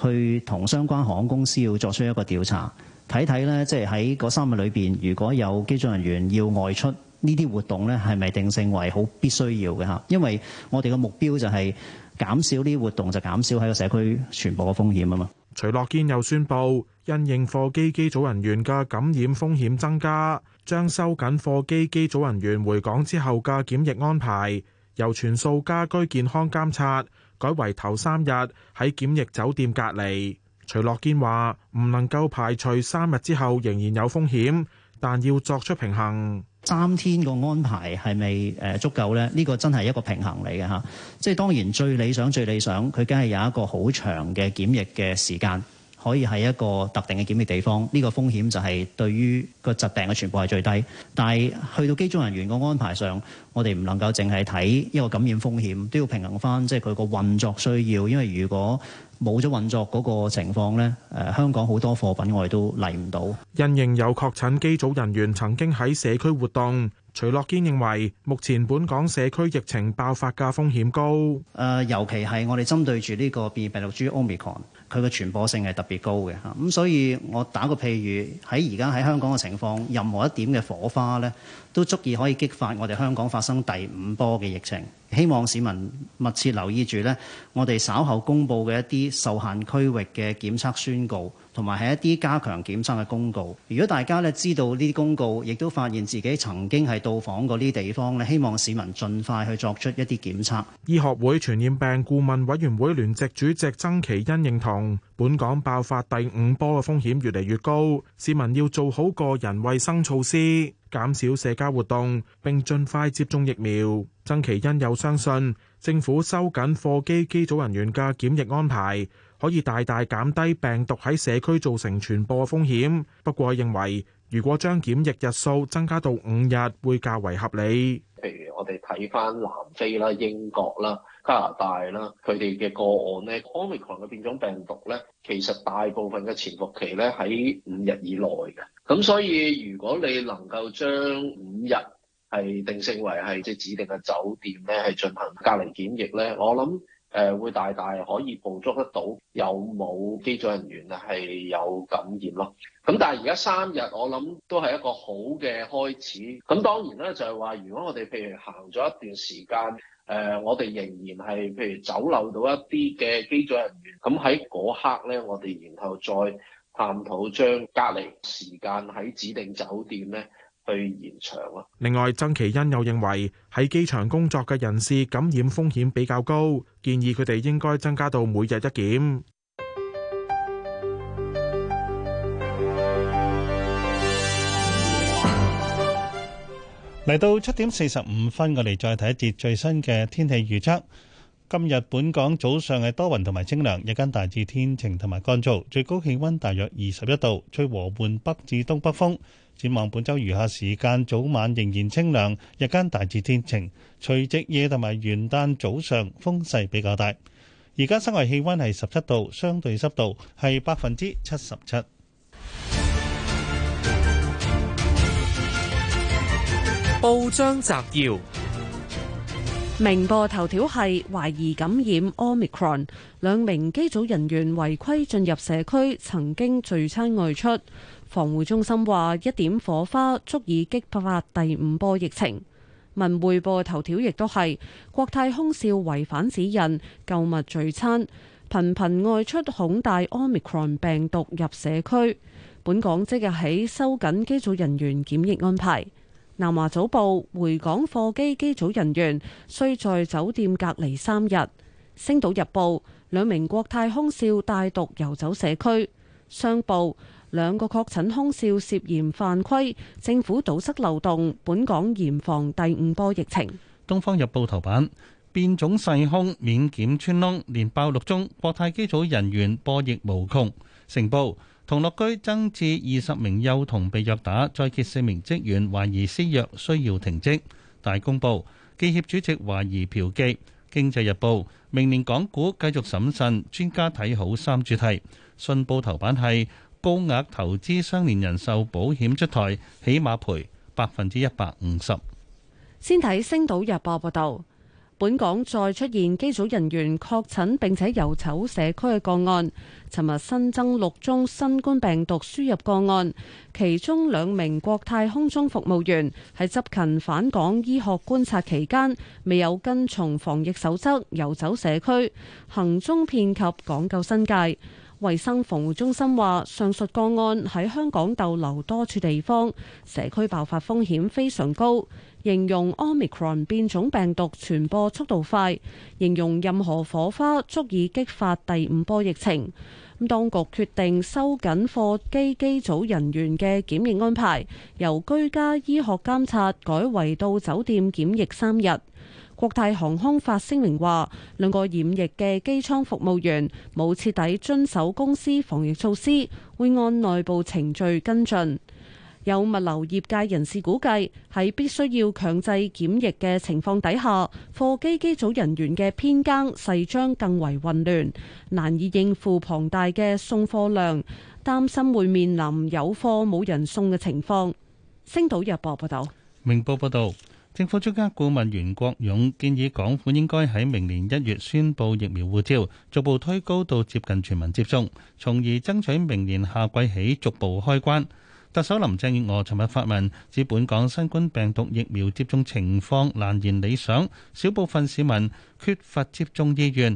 去同相關航空公司，要作出一個調查，睇睇咧即係喺嗰三日裏邊，如果有機組人員要外出呢啲活動咧，係咪定性為好必須要嘅吓，因為我哋嘅目標就係減少呢啲活動，就減少喺個社區傳播嘅風險啊嘛。徐樂堅又宣布，因應貨機機組人員嘅感染風險增加，將收緊貨機機組人員回港之後嘅檢疫安排，由全數家居健康監察，改為頭三日喺檢疫酒店隔離。徐樂堅話唔能夠排除三日之後仍然有風險，但要作出平衡。三天個安排係咪足夠呢？呢個真係一個平衡嚟嘅嚇，即係當然最理想最理想，佢梗係有一個好長嘅檢疫嘅時間。可以喺一個特定嘅檢疫地方，呢個風險就係對於個疾病嘅傳播係最低。但係去到機組人員個安排上，我哋唔能夠淨係睇一個感染風險，都要平衡返即係佢個運作需要。因為如果冇咗運作嗰個情況咧，誒，香港好多貨品我哋都嚟唔到。因應有確診機組人員曾經喺社區活動，徐樂堅認為目前本港社區疫情爆發嘅風險高。誒，尤其係我哋針對住呢個 B 病毒株奧密克戎。佢嘅傳播性係特別高嘅嚇、噉，所以我打個譬喻，喺而家喺香港嘅情況，任何一點嘅火花呢，都足以可以激發我哋香港發生第五波嘅疫情。希望市民密切留意住呢，我哋稍後公布嘅一啲受限區域嘅檢測宣告。同埋係一啲加強檢測嘅公告。如果大家咧知道呢啲公告，亦都發現自己曾經係到訪過呢啲地方咧，希望市民盡快去作出一啲檢測。醫學會傳染病顧問委員會聯席主席曾祈殷認同，本港爆發第五波嘅風險越嚟越高，市民要做好個人衞生措施，減少社交活動，並盡快接種疫苗。曾祈殷又相信政府收緊貨機機組人員嘅檢疫安排，可以大大減低病毒喺社區造成傳播嘅風險。不過佢認為，如果將檢疫日數增加到五日，會較為合理。譬如我哋睇返南非啦、英國啦、加拿大啦，佢哋嘅個案咧，Omicron 嘅變種病毒咧，其實大部分嘅潛伏期咧喺五日以內嘅。咁所以，如果你能夠將五日係定性為係即係指定嘅酒店咧，係進行隔離檢疫咧，我諗。誒會大大可以捕捉得到有冇機組人員係有感染咯。咁但係而家三日，我諗都係一個好嘅開始。咁當然咧，就係話如果我哋譬如行咗一段時間，誒我哋仍然係譬如走漏到一啲嘅機組人員，咁喺嗰刻咧，我哋然後再探討將隔離時間喺指定酒店咧。去現場。另外，曾其恩又認為喺機場工作嘅人士感染風險比較高，建議佢哋應該增加到每日一檢。嚟到七點四十五分，我哋再睇一節最新嘅天氣預測。今日本港早上係多雲同埋清涼，日間大致天晴同埋乾燥，最高氣温大約二十一度，吹和緩北至東北風。展望本周餘下時間，早晚仍然清涼，日間大致天晴。除夕夜同埋元旦早上風勢比較大。而家室外氣溫係十七度，相對濕度係百分之七十七。報章摘要：明報頭條係懷疑感染 Omicron，兩名機組人員違規進入社區，曾經聚餐外出。防護中心話一點火花足以激發第五波疫情。文匯報嘅頭條亦都係國泰空少違反指引購物聚餐，頻頻外出恐帶 Omicron 病毒入社區。本港即日起收緊機組人員檢疫安排。南華早報：回港貨機機組人員需在酒店隔離三日。星島日報：兩名國泰空少帶毒遊走社區。商報。兩個確診空少涉嫌犯規，政府堵塞漏洞，本港嚴防第五波疫情。《東方日報》頭版：變種細空免檢穿窿，連爆六宗。國泰機組人員波疫無窮。成報：童樂居增至二十名幼童被虐打，再揭四名職員懷疑施虐，需要停職。大公報：記協主席懷疑嫖妓。《經濟日報》：明年港股繼續審慎，專家睇好三主題。《信報》頭版係高額投資相連人壽保險出台，起碼賠百分之一百五十。先睇《星島日報》報道，本港再出現機組人員確診並且遊走社區嘅個案。尋日新增六宗新冠病毒輸入個案，其中兩名國泰空中服務員喺執勤返港醫學觀察期間未有跟從防疫守則遊走社區，行蹤遍及港九新界。衛生防護中心話，上述個案喺香港逗留多處地方，社區爆發風險非常高，形容 Omicron 變種病毒傳播速度快，形容任何火花足以激發第五波疫情。咁當局決定收緊貨機機組人員嘅檢疫安排，由居家醫學監察改為到酒店檢疫三日。國泰航空發聲明話，兩個染疫嘅機艙服務員冇徹底遵守公司防疫措施，會按內部程序跟進。有物流業界人士估計，喺必須要強制檢疫嘅情況底下，貨機機組人員嘅編更勢將更為混亂，難以應付龐大嘅送貨量，擔心會面臨有貨冇人送嘅情況。星島日報報道，明報報道。政府專家顧問袁國勇建議，港府應該喺明年一月宣布疫苗護照，逐步推高到接近全民接種，從而爭取明年夏季起逐步開關。特首林鄭月娥尋日發文指本港新冠病毒疫苗接種情況難言理想，少部分市民缺乏接種意願。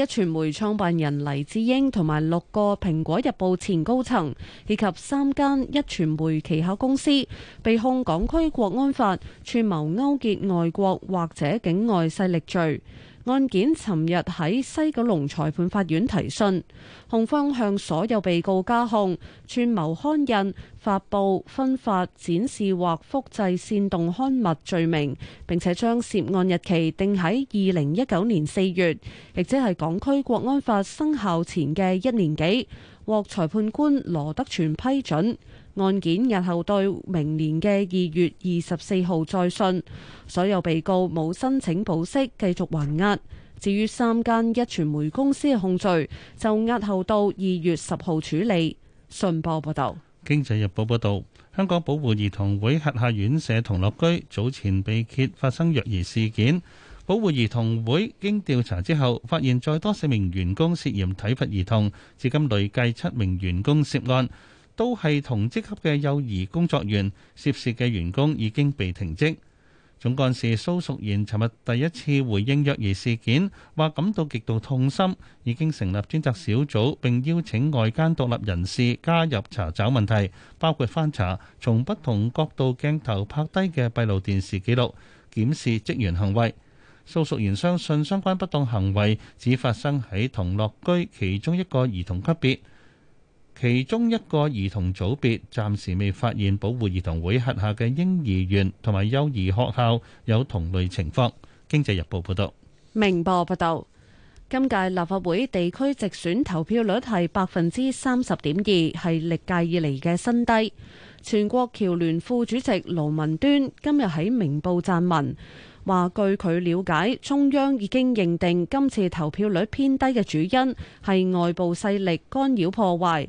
一傳媒創辦人黎智英同埋六個蘋果日報前高層，以及三間一傳媒旗下公司，被控港區國安法串謀勾結外國或者境外勢力罪。案件尋日喺西九龍裁判法院提訊，控方向所有被告加控串謀刊印。發佈、分發、展示或複製煽動刊物罪名，並且將涉案日期定喺二零一九年四月，亦即係港區國安法生效前嘅一年幾，獲裁判官羅德全批准。案件押後到明年嘅二月二十四號再訊，所有被告冇申請保釋，繼續還押。至於三間一傳媒公司嘅控罪，就押後到二月十號處理。信報報道。《經濟日報》報導，香港保護兒童會轄下院舍同樂居早前被揭發生虐兒事件，保護兒童會經調查之後，發現再多四名員工涉嫌體罰兒童，至今累計七名員工涉案，都係同職級嘅幼兒工作員，涉事嘅員工已經被停職。總幹事蘇淑賢尋日第一次回應虐兒事件，話感到極度痛心，已經成立專責小組，並邀請外間獨立人士加入查找問題，包括翻查從不同角度鏡頭拍低嘅閉路電視記錄，檢視職員行為。蘇淑賢相信相關不當行為只發生喺同樂居其中一個兒童級別。其中一個兒童組別暫時未發現保護兒童會轄下嘅嬰兒園同埋幼兒學校有同類情況。經濟日報報道。明報報道，今屆立法會地區直選投票率係百分之三十點二，係歷屆以嚟嘅新低。全國僑聯副主席盧文端今日喺明報撰文，話據佢了解，中央已經認定今次投票率偏低嘅主因係外部勢力干擾破壞。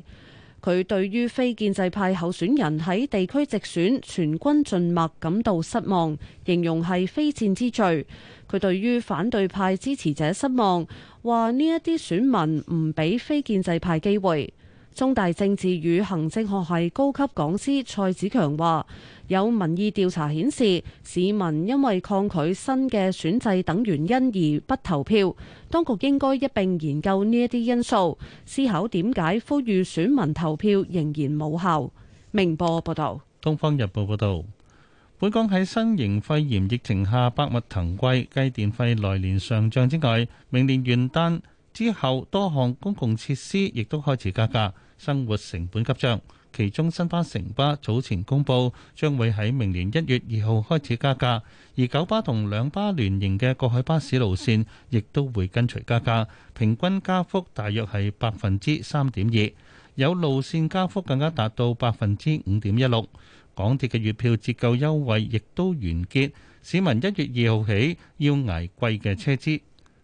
佢對於非建制派候選人喺地區直選全軍盡墨感到失望，形容係非戰之罪。佢對於反對派支持者失望，話呢一啲選民唔俾非建制派機會。中大政治與行政學系高級講師蔡子強話。有民意調查顯示，市民因為抗拒新嘅選制等原因而不投票，當局應該一並研究呢一啲因素，思考點解呼籲選民投票仍然無效。明報報道：《東方日報》報道，本港喺新型肺炎疫情下百物騰貴，計電費來年上漲之外，明年元旦之後多項公共設施亦都開始加價，生活成本急漲。其中新巴、城巴早前公布，將會喺明年一月二號開始加價，而九巴同兩巴聯營嘅過海巴士路線亦都會跟隨加價，平均加幅大約係百分之三點二，有路線加幅更加達到百分之五點一六。港鐵嘅月票折扣優惠亦都完結，市民一月二號起要挨貴嘅車資。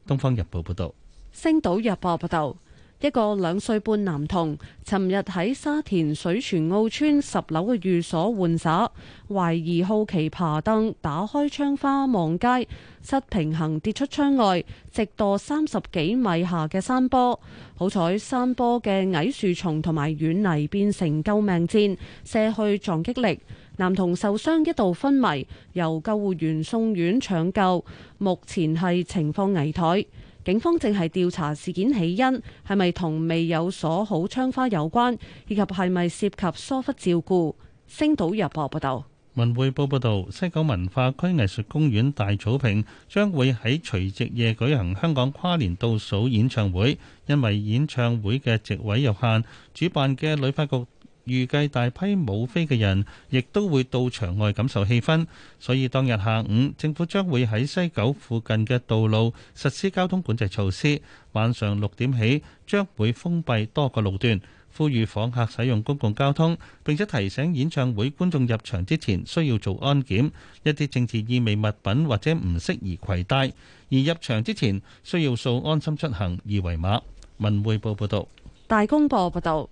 東方日報報道，星島日報報道。一個兩歲半男童尋日喺沙田水泉澳村十樓嘅寓所玩耍，懷疑好奇爬櫈，打開窗花望街，失平衡跌出窗外，直墮三十幾米下嘅山坡。好彩山坡嘅矮樹叢同埋軟泥變成救命氈，卸去撞擊力。男童受傷一度昏迷，由救護員送院搶救，目前係情況危殆。警方正係調查事件起因係咪同未有鎖好窗花有關，以及係咪涉及疏忽照顧。星島日報報道，文匯報報道，西九文化區藝術公園大草坪將會喺除夕夜舉行香港跨年倒數演唱會，因為演唱會嘅席位有限，主辦嘅旅發局。預計大批冇飛嘅人，亦都會到場外感受氣氛，所以當日下午政府將會喺西九附近嘅道路實施交通管制措施。晚上六點起將會封閉多個路段，呼籲訪客使用公共交通，並且提醒演唱會觀眾入場之前需要做安檢，一啲政治意味物品或者唔適宜攜帶，而入場之前需要掃安心出行二維碼。文匯報報道。大公報報道。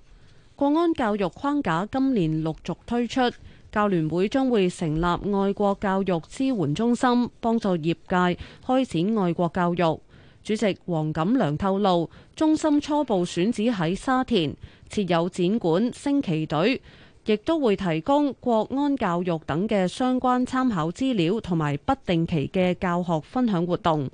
國安教育框架今年陸續推出，教聯會將會成立愛國教育支援中心，幫助業界開展愛國教育。主席黃錦良透露，中心初步選址喺沙田，設有展館、升旗隊，亦都會提供國安教育等嘅相關參考資料，同埋不定期嘅教學分享活動。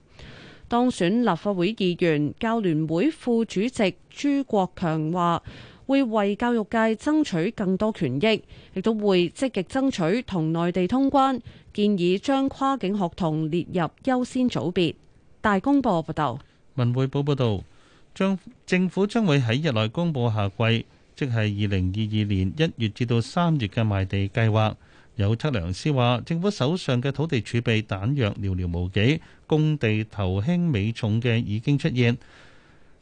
當選立法會議員、教聯會副主席朱國強話會為教育界爭取更多權益，亦都會積極爭取同內地通關，建議將跨境學童列入優先組別。大公報報道，文匯報報道，將政府將會喺日內公佈下季，即係二零二二年一月至到三月嘅賣地計劃。有測量師話，政府手上嘅土地儲備彈藥寥寥無幾，供地頭輕尾重嘅已經出現。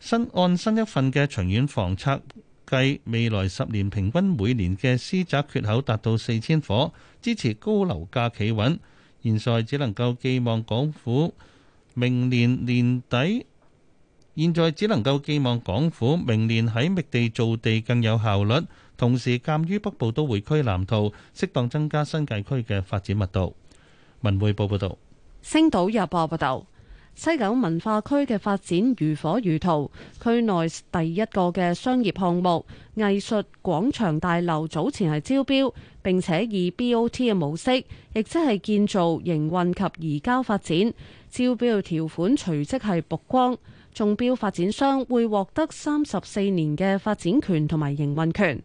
新案新一份嘅長遠房策，計未來十年平均每年嘅私宅缺口達到四千伙，支持高樓價企穩。現在只能夠寄望港府明年年底，現在只能夠寄望港府明年喺密地造地更有效率，同時鑑於北部都會區藍圖，適當增加新界區嘅發展密度。文匯報報導，星島日報報導。西九文化區嘅發展如火如荼，區內第一個嘅商業項目藝術廣場大樓早前係招標，並且以 BOT 嘅模式，亦即係建造、營運及移交發展。招標條款隨即係曝光，中標發展商會獲得三十四年嘅發展權同埋營運權。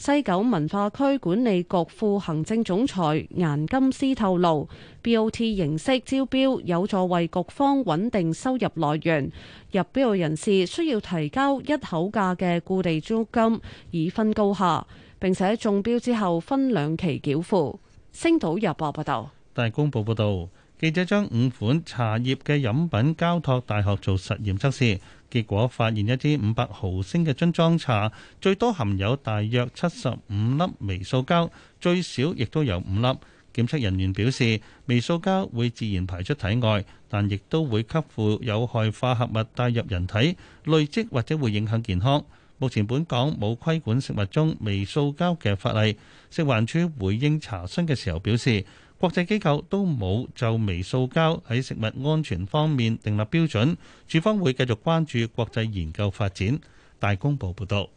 西九文化區管理局副行政總裁顏金斯透露，BOT 形式招標有助為局方穩定收入來源。入標人士需要提交一口價嘅固定租金以分高下，並且中標之後分兩期繳付。星島日報報導，大公報報導。記者將五款茶葉嘅飲品交託大學做實驗測試，結果發現一支五百毫升嘅樽裝茶最多含有大約七十五粒微塑膠，最少亦都有五粒。檢測人員表示，微塑膠會自然排出體外，但亦都會吸附有害化合物帶入人體，累積或者會影響健康。目前本港冇規管食物中微塑膠嘅法例。食環署回應查詢嘅時候表示。國際機構都冇就微塑膠喺食物安全方面訂立標準，署方會繼續關注國際研究發展。大公報報道，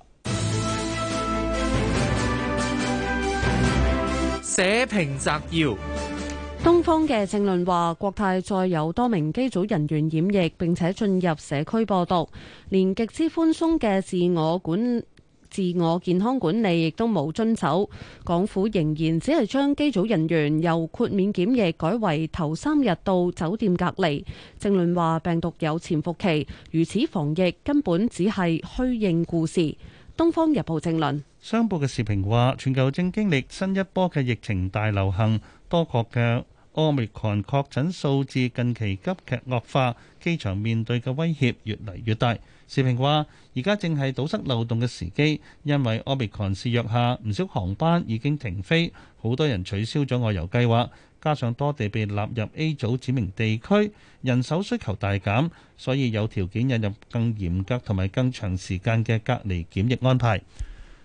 社評摘要。東方嘅政論話，國泰再有多名機組人員染疫並且進入社區播毒，連極之寬鬆嘅自我管。自我健康管理亦都冇遵守，港府仍然只係將機組人員由豁免檢疫改為頭三日到酒店隔離，正論話病毒有潛伏期，如此防疫根本只係虛應故事。《東方日報》正論商報嘅時評話全球正經歷新一波嘅疫情大流行，多國嘅奧密克戎確診數字近期急劇惡化，機場面對嘅威脅越嚟越大。視評話，而家正係堵塞漏洞嘅時機，因為奧密康肆虐下，唔少航班已經停飛，好多人取消咗外遊計劃，加上多地被納入 A 組指明地區，人手需求大減，所以有條件引入更嚴格同埋更長時間嘅隔離檢疫安排。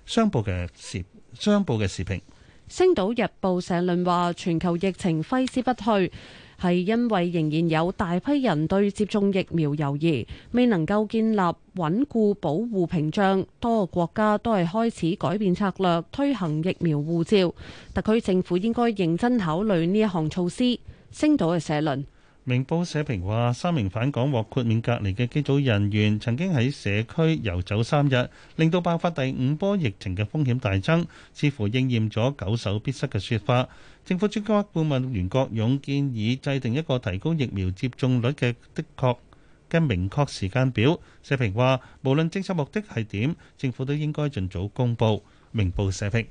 商報嘅視商報嘅視評，星島日報社論話：全球疫情揮之不去。係因為仍然有大批人對接種疫苗猶疑，未能夠建立穩固保護屏障。多個國家都係開始改變策略，推行疫苗護照。特區政府應該認真考慮呢一項措施。星島嘅社論。明報社評話，三名返港獲豁免隔離嘅機組人員曾經喺社區遊走三日，令到爆發第五波疫情嘅風險大增，似乎應驗咗久守必失嘅說法。政府專家顧問袁國勇建議制定一個提高疫苗接種率嘅的，的確嘅明確時間表。社評話，無論政策目的係點，政府都應該盡早公布。明報社評。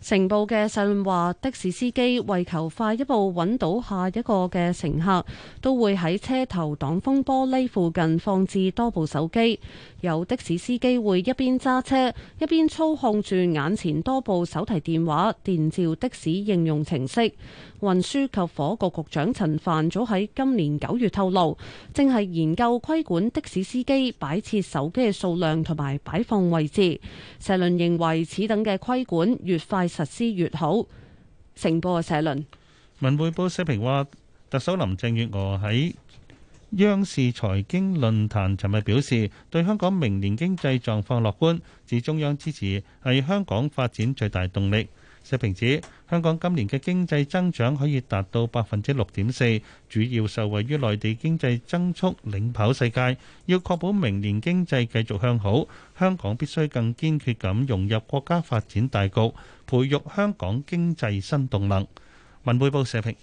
成報嘅訊話，的士司機為求快一步揾到下一個嘅乘客，都會喺車頭擋風玻璃附近放置多部手機。有的士司機會一邊揸車，一邊操控住眼前多部手提電話，電召的士應用程式。運輸及火局局長陳帆早喺今年九月透露，正係研究規管的士司機擺設手機嘅數量同埋擺放位置。社論認為，此等嘅規管越快實施越好。成報社論。文匯報社評話，特首林鄭月娥喺央視財經論壇尋日表示，對香港明年經濟狀況樂觀，指中央支持係香港發展最大動力。社評指。香港今年嘅經濟增長可以達到百分之六點四，主要受惠於內地經濟增速領跑世界。要確保明年經濟繼續向好，香港必須更堅決咁融入國家發展大局，培育香港經濟新動能。文匯報社評。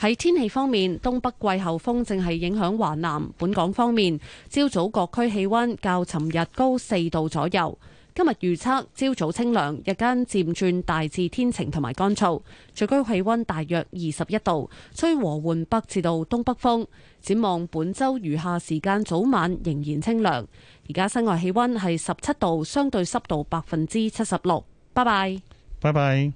喺天氣方面，東北季候風正係影響華南。本港方面，朝早各區氣温較尋日高四度左右。今日預測，朝早清涼，日間漸轉大致天晴同埋乾燥，最高氣溫大約二十一度，吹和緩北至到東北風。展望本周餘下時間，早晚仍然清涼。而家室外氣溫係十七度，相對濕度百分之七十六。拜拜。拜拜。